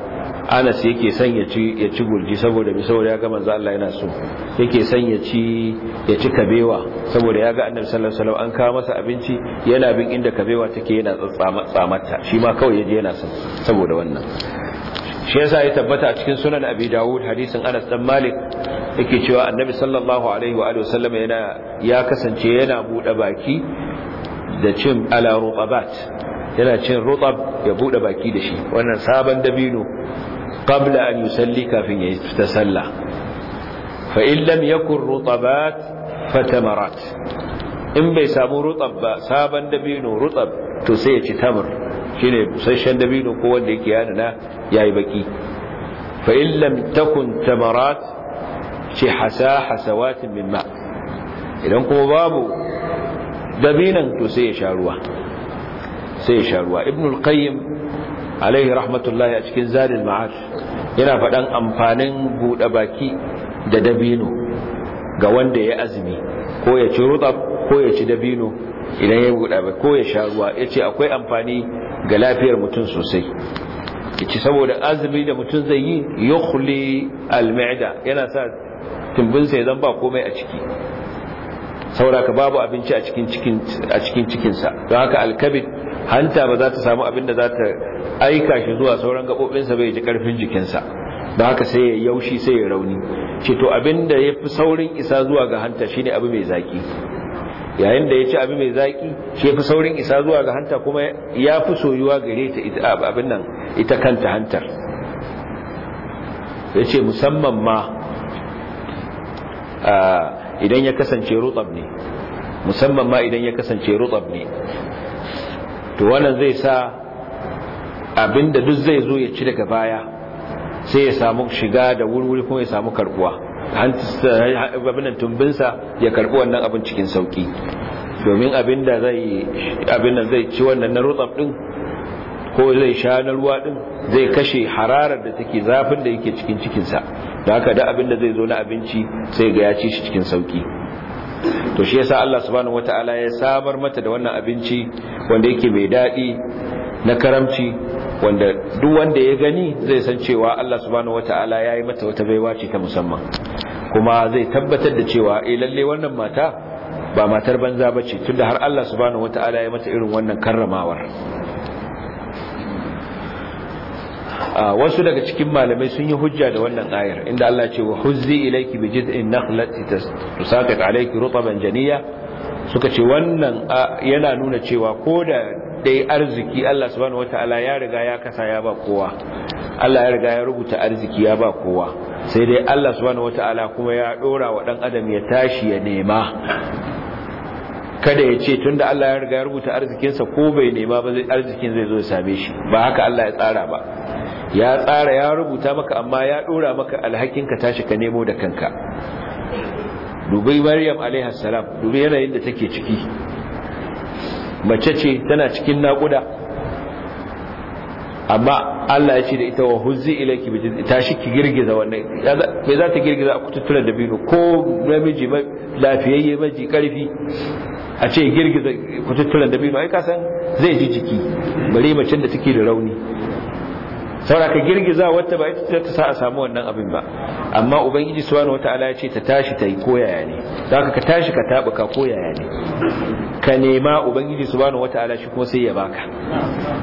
anas yake son ya ci ya ci gurji saboda bi saboda ya ga manzo Allah yana so yake son ya ci ya ci kabewa saboda ya ga annabi sallallahu alaihi wasallam an kawo masa abinci yana bin inda kabewa take yana tsamata shi ma kawai yaje yana son saboda wannan shi yasa ya tabbata a cikin sunan abi dawud hadisin anas dan malik yake cewa annabi sallallahu alaihi wa wasallam yana ya kasance yana bude baki da cin ala rutabat yana cin rutab ya bude baki da shi wannan sabon dabino قبل أن يسلك في تسلى فإن لم يكن رطبات فتمرات إن بيسابوا رطب سابا دبينوا رطب تسيتي تمر شيني سيشن دبينوا قوة لكياننا يا بكي فإن لم تكن تمرات شي حسا حسوات من ماء إذن قبابوا دبينا تسيشاروا سيشاروا ابن القيم ابن القيم alaihi rahmatullahi a cikin zarin ma'ad yana faɗan amfanin buɗe baki da dabino ga wanda ya azumi ko ya ci rutab ko ya ci dabino idan ya buɗe baki ko ya sha ruwa ya ce akwai amfani ga lafiyar mutum sosai ci saboda azumi da mutum zai yi kuli al maida yana sa tumbinsa ya zan ba komai a ciki sauraka babu abinci a cikin cikinsa don haka alkabid hanta ba za ta samu abin da za ta aika shi zuwa sauran gaɓoɓinsa bai ji ƙarfin jikinsa ba haka sai ya yaushi sai ya rauni ce to abin da ya fi saurin isa zuwa ga hanta shine abu mai zaƙi yayin da ya ci abu mai zaƙi shi fi saurin isa zuwa ga hanta kuma ya fi soyuwa gare ta ita abin nan ita kanta hantar ya ce musamman ma idan ya kasance rutsab ne musamman ma idan ya kasance rutsab ne to wannan zai sa abinda duk zai zo ya ci daga baya sai ya samu shiga da wurwuri kuma ya samu karbuwa abinan tumbinsa ya karbi wannan abin cikin sauki domin abinda da zai ci wannan na rutsaf din ko zai sha na ruwa din zai kashe hararar da take zafin da yake cikin cikinsa da haka da abinda zai zo na abinci sai ga ya ci shi cikin sauki to shi yasa Allah subhanahu wataala ya sabar mata da wannan abinci wanda yake mai dadi na karamci wanda duk wanda ya gani zai san cewa Allah subhanahu wataala yayi mata wata baiwa ce ta musamman kuma zai tabbatar da cewa eh lalle wannan mata ba matar banza bace tunda har Allah subhanahu wataala ya mata irin wannan karramawar wasu daga cikin malamai sun yi hujja da wannan ayar inda Allah ce wa huzzi ilayki bi jid'in nakhlati tusaqit alayki rutban janiya suka ce wannan yana nuna cewa koda dai arziki Allah subhanahu wataala ya riga ya kasa ya ba kowa Allah ya riga ya rubuta arziki ya ba kowa sai dai Allah subhanahu wataala kuma ya dora wa dan adam ya tashi ya nema kada ya ce tunda Allah ya riga ya rubuta arzikinsa ko bai nema ba arzikin zai zo ya same shi ba haka Allah ya tsara ba ya tsara ya rubuta maka amma ya dora maka alhakin ka tashi ka nemo da kanka dubai maryam alaiha salam dubai yanayin da take ciki mace ce tana cikin naƙuda amma Allah ya ce da ita wa huzzi ilayki bi tashi ki girgiza wannan me za ta girgiza a kututtura da biyu ko namiji lafiyayye ji karfi a ce girgiza kututturan da biyu ai ka san zai ji jiki bare macen da take da rauni saboda ka girgiza wata ba ita ta sa a samu wannan abin ba amma ubangiji subhanahu wataala ya ce ta tashi ta yi koyaya ne zaka ka tashi ka tabu ka koyaya ne ka nema ubangiji subhanahu wataala shi kuma sai ya baka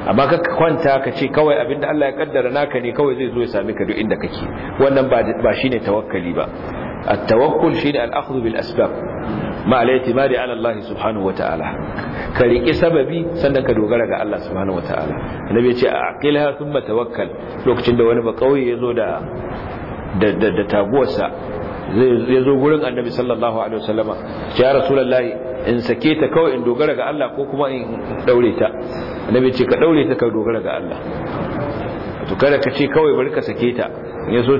amma ka kwanta ka ce kawai abinda Allah ya kaddara naka ne kawai zai zo ya sami ka duk inda kake wannan ba ba shine tawakkali ba at-tawakkul shine al-akhdhu bil asbab ma al-i'timadi ala Allah subhanahu wata'ala ka riki sababi sannan ka dogara ga Allah subhanahu wata'ala annabi ya ce aqilha thumma tawakkal lokacin da wani ba kauye yazo da da da taguwarsa zo wurin annabi sallallahu alaihi wasallama ya rasulullahi in sake ta kawai in dogara ga Allah ko kuma in daure ta ce ka daure ta ka dogara ga Allah to kada ka ce kawai bari ka sake ta ya zo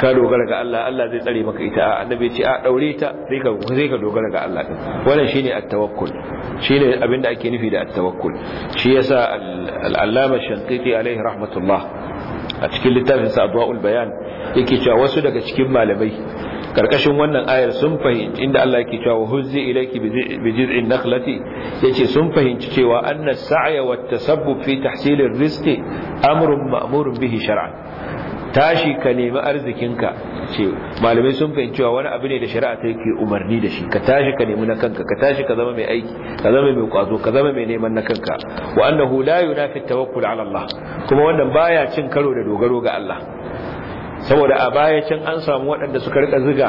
ka dogara ga Allah Allah zai tsare maka ita a ya ce a daure ta sai ka sai ka dogara ga Allah din wannan shine at-tawakkul shine abinda ake nufi da at-tawakkul shi yasa al-allama shantiti alaihi rahmatullah a cikin littafin sa adwaul bayan yake cewa wasu daga cikin malamai karkashin wannan ayar sun fahimci inda Allah yake cewa huzzi ilayki bi jiz'in nakhlati yace sun fahimci cewa anna sa'ya wat tasabbub fi tahsil ar-rizqi amrun ma'murun bihi shar'an tashi ka nemi arzikinka ce malamai sun fahimci cewa wani abu ne da shari'a ta yake umarni da shi ka tashi ka nemi na kanka ka tashi ka zama mai aiki ka zama mai kwazo ka zama mai neman na kanka wa annahu la yunafi tawakkul ala Allah kuma wannan baya cin karo da dogaro ga Allah saboda a baya can an samu waɗanda suka rika ziga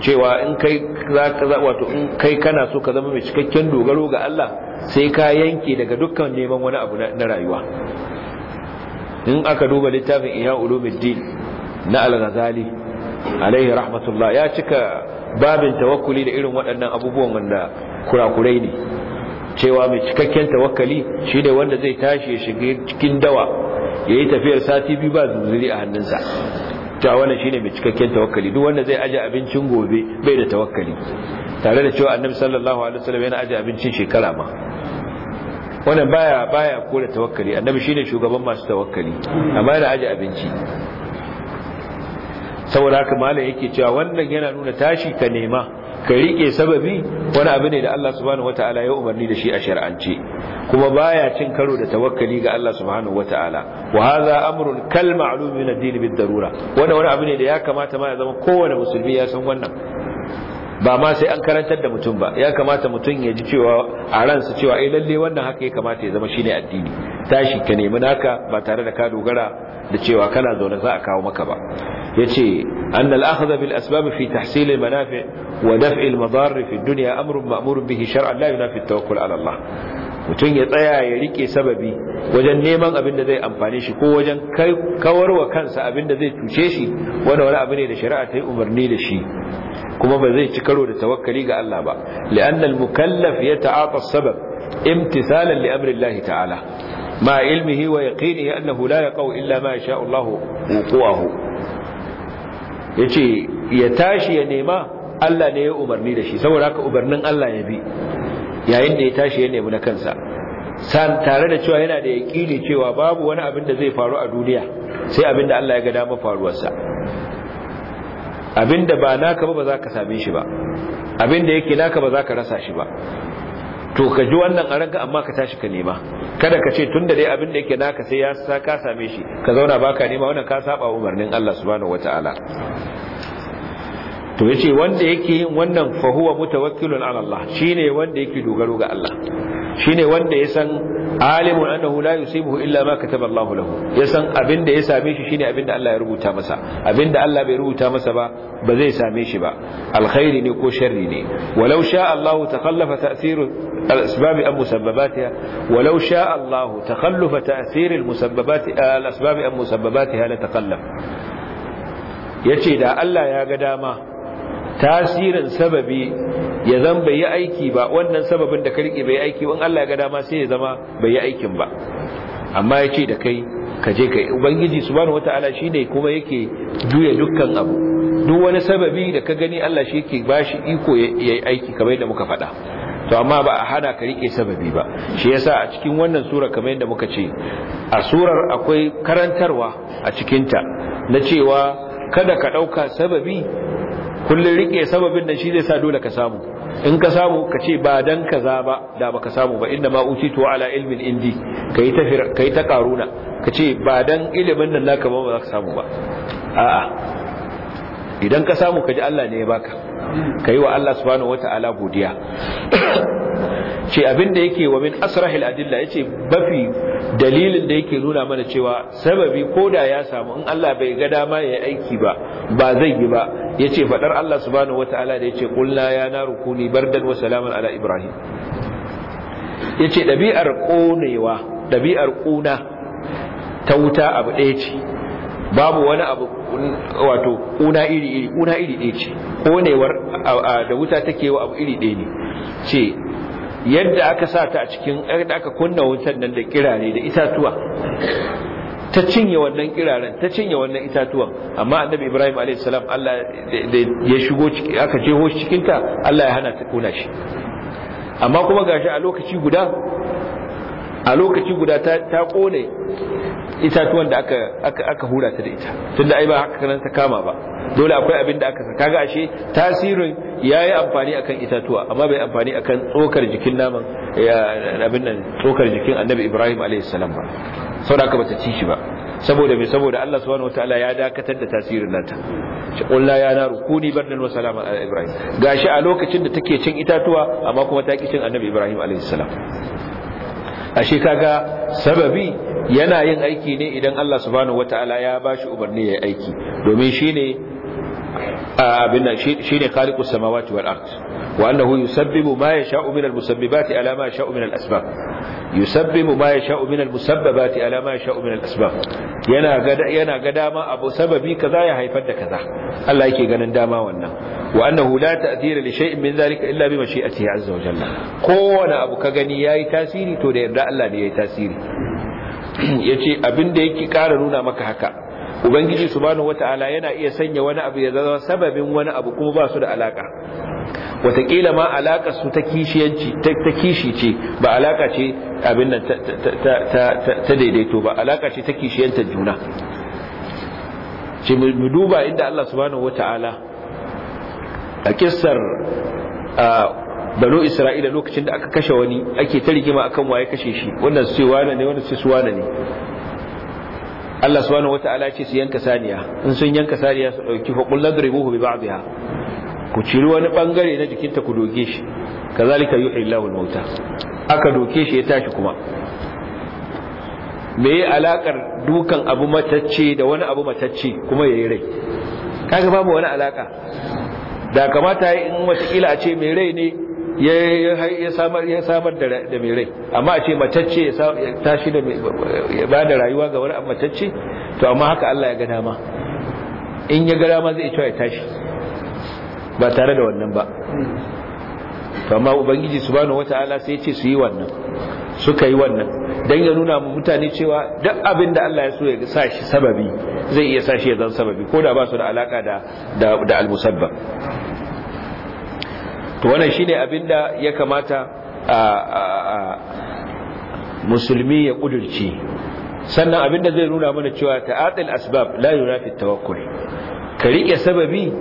cewa in kai za wato in kai kana so ka zama mai cikakken dogaro ga Allah sai ka yanke daga dukkan neman wani abu na rayuwa in aka duba littafin iya Ulumuddin na Al-Ghazali alaihi rahmatullah ya cika babin tawakkuli da irin waɗannan abubuwan wanda kurakurai ne cewa mai cikakken tawakkali shi ne wanda zai tashi ya shiga cikin dawa ya yi tafiyar sati biyu ba zuzuri a hannunsa ta wannan ne mai cikakken tawakkali duk wanda zai aji abincin gobe bai da tawakkali tare da cewa annabi sallallahu alaihi wasallam yana aji abincin shekara ma wannan baya baya kore tawakkali annabi shine shugaban masu tawakkali amma yana aji abinci saboda haka malam yake cewa wannan yana nuna tashi ka nema ka rike sababi wani abu ne da Allah subhanahu wataala ya umarni da shi a shar'ance kuma baya cin karo da tawakkali ga Allah subhanahu wataala wa hadha amrun kal ma'lum min ad-din bid-darura wannan wani abu ne da ya kamata ma ya zama kowane musulmi ya san wannan ba ma sai an karantar da mutum ba ya kamata mutum ya ji cewa a ransa cewa ai eh, lalle wannan haka ya kamata ya zama shine addini tashi ka nemi naka ba tare da ka dogara da cewa kana zaune za a kawo maka ba yace an al-akhdh bil asbab fi tahsil al-manafi' wa daf' al-madarr fi dunya amrun ma'murun bihi shar'an la yunafi at-tawakkul ala Allah mutum ya tsaya ya rike sababi wajen neman abin da zai amfane shi ko wajen kawar wa kansa abin da zai cuce shi wani wani abu ne da shari'a ta yi umarni da shi kuma ba zai ci karo da tawakkali ga Allah ba li'annal mukallaf ya ta'ata sabab imtisalan li amrillahi ta'ala ma ilmihi wa yaqinihi annahu la yaqau illa ma yasha Allah wuquahu yace
ya tashi
ya nema Allah ne ya umarni da shi saboda haka umarnin Allah ya bi yayin da ya tashi ya nemi na kansa san tare da cewa yana da yaƙini cewa babu wani abin da zai faru a duniya sai abin da Allah ya ga dama faruwarsa abin da ba naka ba ba za ka same shi ba abin da yake naka ba za ka rasa shi ba to ka ji wannan a ranka amma ka tashi ka nema kada ka ce tun da dai abin da yake naka sai ya sa ka same shi ka zauna baka nema wannan ka saba umarnin Allah subhanahu wataala to yace wanda yake yin wannan fa huwa mutawakkilun ala Allah ne wanda yake dogaro ga Allah Shi ne wanda ya san alimun annahu la yusibuhu illa ma kataba Allah lahu ya san abinda ya same shi shine abinda Allah ya rubuta masa abinda Allah bai rubuta masa ba ba zai same shi ba alkhairi ne ko sharri ne walau sha Allah takhallafa ta'siru al-asbab am musabbabatiha walau sha Allah takhallafa ta'sir al-musabbabat al-asbab am musabbabatiha la takallaf da Allah ya ga dama tasirin sababi ya zan bai yi aiki ba wannan sababin da ka rike bai aiki wani Allah ya ga dama sai ya zama bai yi aikin ba amma ya ce da kai ka je ka yi. ubangiji su bani ala shi shine kuma yake juya dukkan abu duk wani sababi da ka gani Allah shi yake ba shi iko ya yi aiki kamar yadda muka faɗa to amma ba a hana ka rike sababi ba shi yasa a cikin wannan sura kamar yadda muka ce a surar akwai karantarwa a cikinta na cewa kada ka ɗauka sababi Kullum rike sababin da shi zai sa dole ka samu in ka samu ka ce ba dan kaza ba da baka samu ba inda ma utitu ala ilmin indi kai ta kai ta karuna ka ce ba dan ilimin nan naka ba ba za ka samu ba a'a idan ka samu ka ji Allah ne ya baka Ka yi wa Allah subhanahu ala godiya ce abinda yake wa min asrahil adilla yace bafi dalilin da yake nuna mana cewa sababi ko da ya samu in Allah bai ga dama yi aiki ba ba zai yi ba yace fadar Allah subhanahu ala da yace qulna ya naru kuni bardan wa salaman ala ibrahim yace dabi'ar konewa dabi'ar kuna ta wuta abu ɗaya ce babu wani abu wato kuna iri iri kuna iri ɗaya ce konewar da wuta take wa abu iri ɗaya ne ce yadda aka sa ta a cikin yadda aka kunna wutan nan da kirare da itatuwa ta cinye wannan kiraren ta cinye wannan itatuwan amma annabi ibrahim alayhi salam Allah da ya shigo ciki aka jeho shi cikin ta Allah ya hana ta kuna shi amma kuma gashi a lokaci guda a lokaci guda ta kone itatuwan da aka aka hura ta da ita tunda ai ba haka ta kama ba dole akwai abin da aka saka kaga ashe tasirin yayi amfani akan itatuwa amma bai amfani akan tsokar jikin naman abin nan tsokar jikin Annabi Ibrahim alaihi salam ba saboda haka bata ci shi ba saboda me saboda Allah subhanahu wataala ya dakatar da tasirin nata qul la ya naru kuni bardan wa salaman ala Ibrahim gashi a lokacin da take cin itatuwa amma kuma ta ki cin Annabi Ibrahim alaihi salam ashe kaga sababi yana yin aiki ne idan Allah subhanahu wataala ya bashi umarni ya aiki domin shine abin nan shine khaliqus samawati wal ard wa annahu yusabbibu ma yasha'u min al musabbibati ala ma yasha'u min al asbab yusabbibu ma yasha'u min al musabbabati ala ma yasha'u min al asbab yana ga yana ga dama abu sababi kaza ya haifar da kaza Allah yake ganin dama wannan wa annahu la ta'thira li shay'in min dhalika illa bi mashi'atihi azza wa jalla kowane abu ka gani yayi tasiri to da yarda Allah ne yayi tasiri ya ce abinda da yake ƙara nuna maka haka ubangiji subhanahu wata'ala yana iya sanya wani abu ya zama sababin wani abu kuma ba su da alaka wataƙila ma alaka su ta kishiyanci ta kishi ce ba alaka ce abin nan ta daidaito ba alaka ce ta kishiyanta juna ce mu duba inda Allah subhanahu wata'ala a kissar banu isra'ila lokacin da aka kashe wani ake ta rigima akan waye kashe shi wannan su ce ne wannan su ce wane ne Allah subhanahu wata'ala ce su yanka saniya in sun yanka saniya su dauki fa qul ladribuhu bi ba'dha ku ciri wani bangare na jikinta ku doke shi kazalika yuhi Allahu al-mauta aka doke shi ya tashi kuma me ya alakar dukan abu matacce da wani abu matacce kuma yayi rai kaga babu wani alaka da kamata in wata kila a ce mai rai ne ya samar da mai rai amma a ce matacce ya tashi da ya ba da rayuwa ga wani matacce to amma haka Allah ya ga dama in ya ga dama zai cewa ya tashi ba tare da wannan ba to amma ubangiji subhanahu wataala sai ya ce su yi wannan suka yi wannan dan ya nuna mu mutane cewa duk abin da Allah ya so ya sa shi sababi zai iya sa shi ya zan sababi ko da ba su da alaka da da al-musabbab to wannan shine abinda ya kamata musulmi ya kudurci sannan abinda zai nuna mana cewa ta'atil asbab la yunafi tawakkul ka rike sababi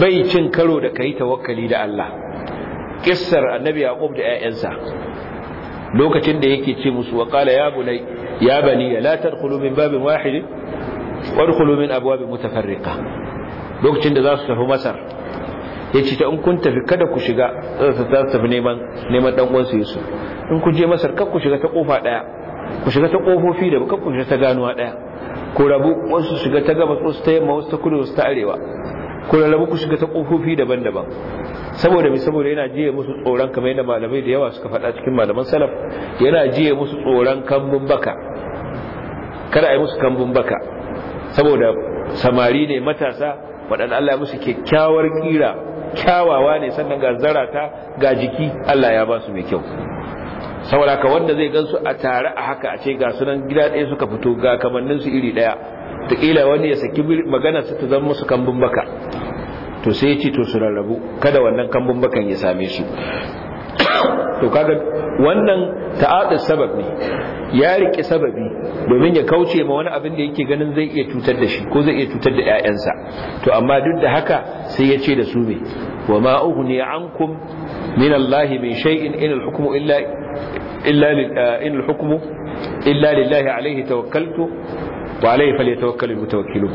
bai cin karo da kai tawakkali da Allah kissar annabi yaqub da 'ya'yansa lokacin da yake ce musu wa qala ya bunay ya bani la tadkhulu min babin wahid wadkhulu min abwabin mutafarriqa lokacin da za su tafi masar ya ce ta in kun tafi kada ku shiga za su tafi neman neman dan uwansu Yusuf in ku je Masar kar ku shiga ta kofa daya ku shiga ta kofofi da kar ku shiga ta ganuwa daya ko rabu wasu shiga ta gabas wasu ta yamma wasu ta kudu wasu ta arewa ko rabu ku shiga ta kofofi daban-daban saboda mai saboda yana jiye musu tsoron kamar yadda malamai da yawa suka faɗa cikin malaman salaf yana jiye musu tsoron kambun baka kada a yi musu kambun baka saboda samari ne matasa waɗanda Allah ya musu kyakkyawar kira kyawawa ne sannan ga zarata ga jiki Allah ya ba su mai kyau saboda ka wanda zai gansu a tare a haka a ce ga sunan gida ɗaya suka fito ga kamannin su iri ɗaya ta kila wani ya saki magana su ta zama musu kambun baka to sai ya ce to su rarrabu kada wannan kambun bakan ya same su to kaga wannan ta'adar sabab ne ya riƙe sababi domin ya kauce ma wani abin da yake ganin zai iya cutar da shi ko zai iya cutar da 'ya'yansa to amma duk da haka sai ya ce da su me wa ma ughni ankum min allahi min shay'in in al-hukmu illa illa eh, in al-hukmu illa lillahi alayhi tawakkaltu wa alayhi falyatawakkalul mutawakkilun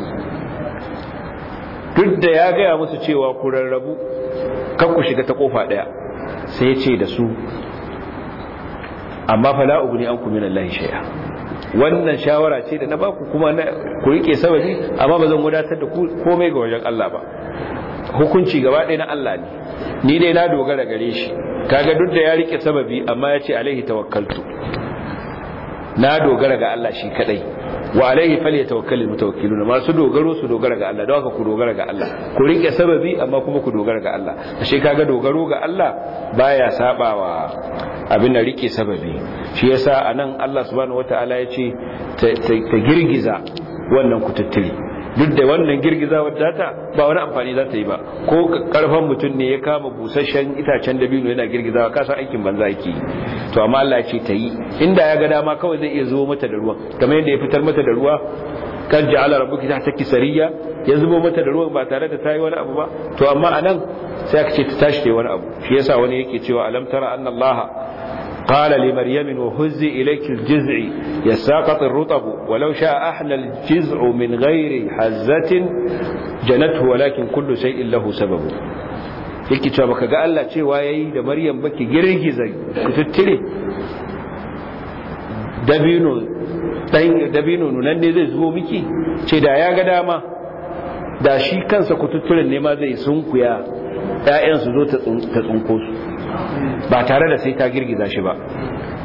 duk da ya gaya musu cewa ku rarrabu kan ku shiga ta kofa daya sai ya ce da su amma fa fala ne an min Allah shay'a wannan shawara ce da na baku kuma ku rike sababi amma bazan wadatar da ku komai ga wajen Allah ba
hukunci gaba
ɗaya na Allah ne ni dai na dogara gare shi kaga duk da ya rike sababi amma ya ce alaihi tawakkaltu na dogara ga Allah shi kadai wa alaihi mutawakkiluna ma su dogaro su dogara ga Allah dawaka ku dogara ga Allah ku rike sababi amma kuma ku dogara ga Allah ashe kaga dogaro ga Allah baya sabawa abin da rike sababi shi yasa anan Allah subhanahu wataala ya ce ta girgiza wannan kututtuli duk da wannan girgizawar data ba wani amfani za ta yi ba ko karfan mutum ne ya kama busasshen itacen dabino yana girgizawa kasa aikin banza yake to amma Allah ce ta yi inda ya ga dama kawai zai iya zo mata da ruwan kamar yadda ya fitar mata da ruwa kan ja'ala rabbuki ta kisariya ya zubo mata da ruwan ba tare da tayi wani abu ba to amma anan sai aka ce ta tashi ta wani abu shi yasa wani yake cewa alam tara annallaha. قال لمريم وهزي إليك الجزع يساقط الرطب ولو شاء أحلى الجزع من غير حزة جنته ولكن كل شيء له سبب yake cewa baka ga Allah cewa yayi da Maryam baki girgiza ku tuttire dabino nan ne zai zubo miki ce da ya ga dama da shi kansa ku ne ma zai sunkuya ya'yan su zo ta tsunko su ba tare da sai ta girgiza shi ba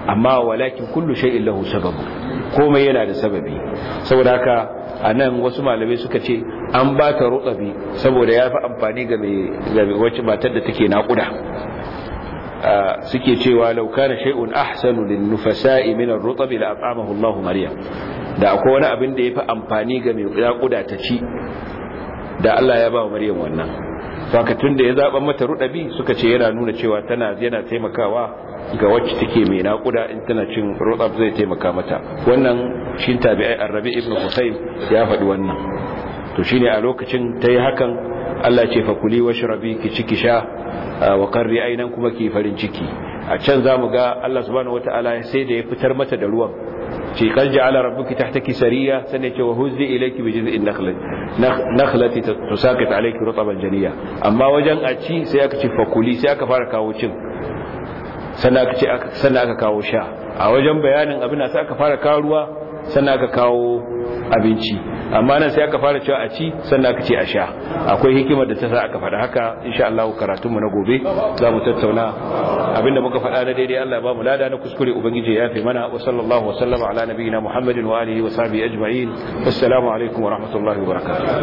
amma walakin kullu shay'in lahu sababu komai yana da sababi saboda haka anan wasu malamai suka ce an baka rutsabi saboda yafi amfani ga mai wacce matar da take naƙuda suke cewa law kana shay'un ahsanu lin nufasa'i min ar-rutabi la at'amahu Allahu Maryam da akwai wani abin da yafi amfani ga mai naƙuda ta ci da Allah ya ba Maryam wannan saka tun da ya zaba mata rudabi suka ce yana nuna cewa tana yana taimakawa ga wacce take mai nakuda in tana cin rudab zai taimaka mata wannan shin tabi'ai arabi ibnu husayn ya faɗi wannan to shine a lokacin tayi hakan Allah ce fa kuli washrabi ki ciki sha wa qarri ainan kuma ki farin ciki a can za mu ga Allah subhanahu wata'ala sai da ya fitar mata da ruwan ce kan ta rabbuki tahtaki sariya sanne ce wa huzzi ilayki bi jiz'in nakhlati nakhlati tusaqit alayki rutaban janiya amma wajen a ci sai aka ce fakuli sai aka fara kawo cin sannan aka ce aka kawo sha a wajen bayanin abin da sai aka fara kawo ruwa sannan aka kawo abinci amma nan sai aka fara cewa a ci sannan aka ce a sha akwai hikimar da ta sa aka faɗa haka insha Allah karatunmu na gobe za mu tattauna abinda muka faɗa na daidai Allah ba mu lada na kuskure ubangiji
ya fi mana wa sallallahu wa sallama ala nabiyina muhammadin wa alihi wa sahbihi ajma'in assalamu alaikum wa rahmatullahi wa barakatuh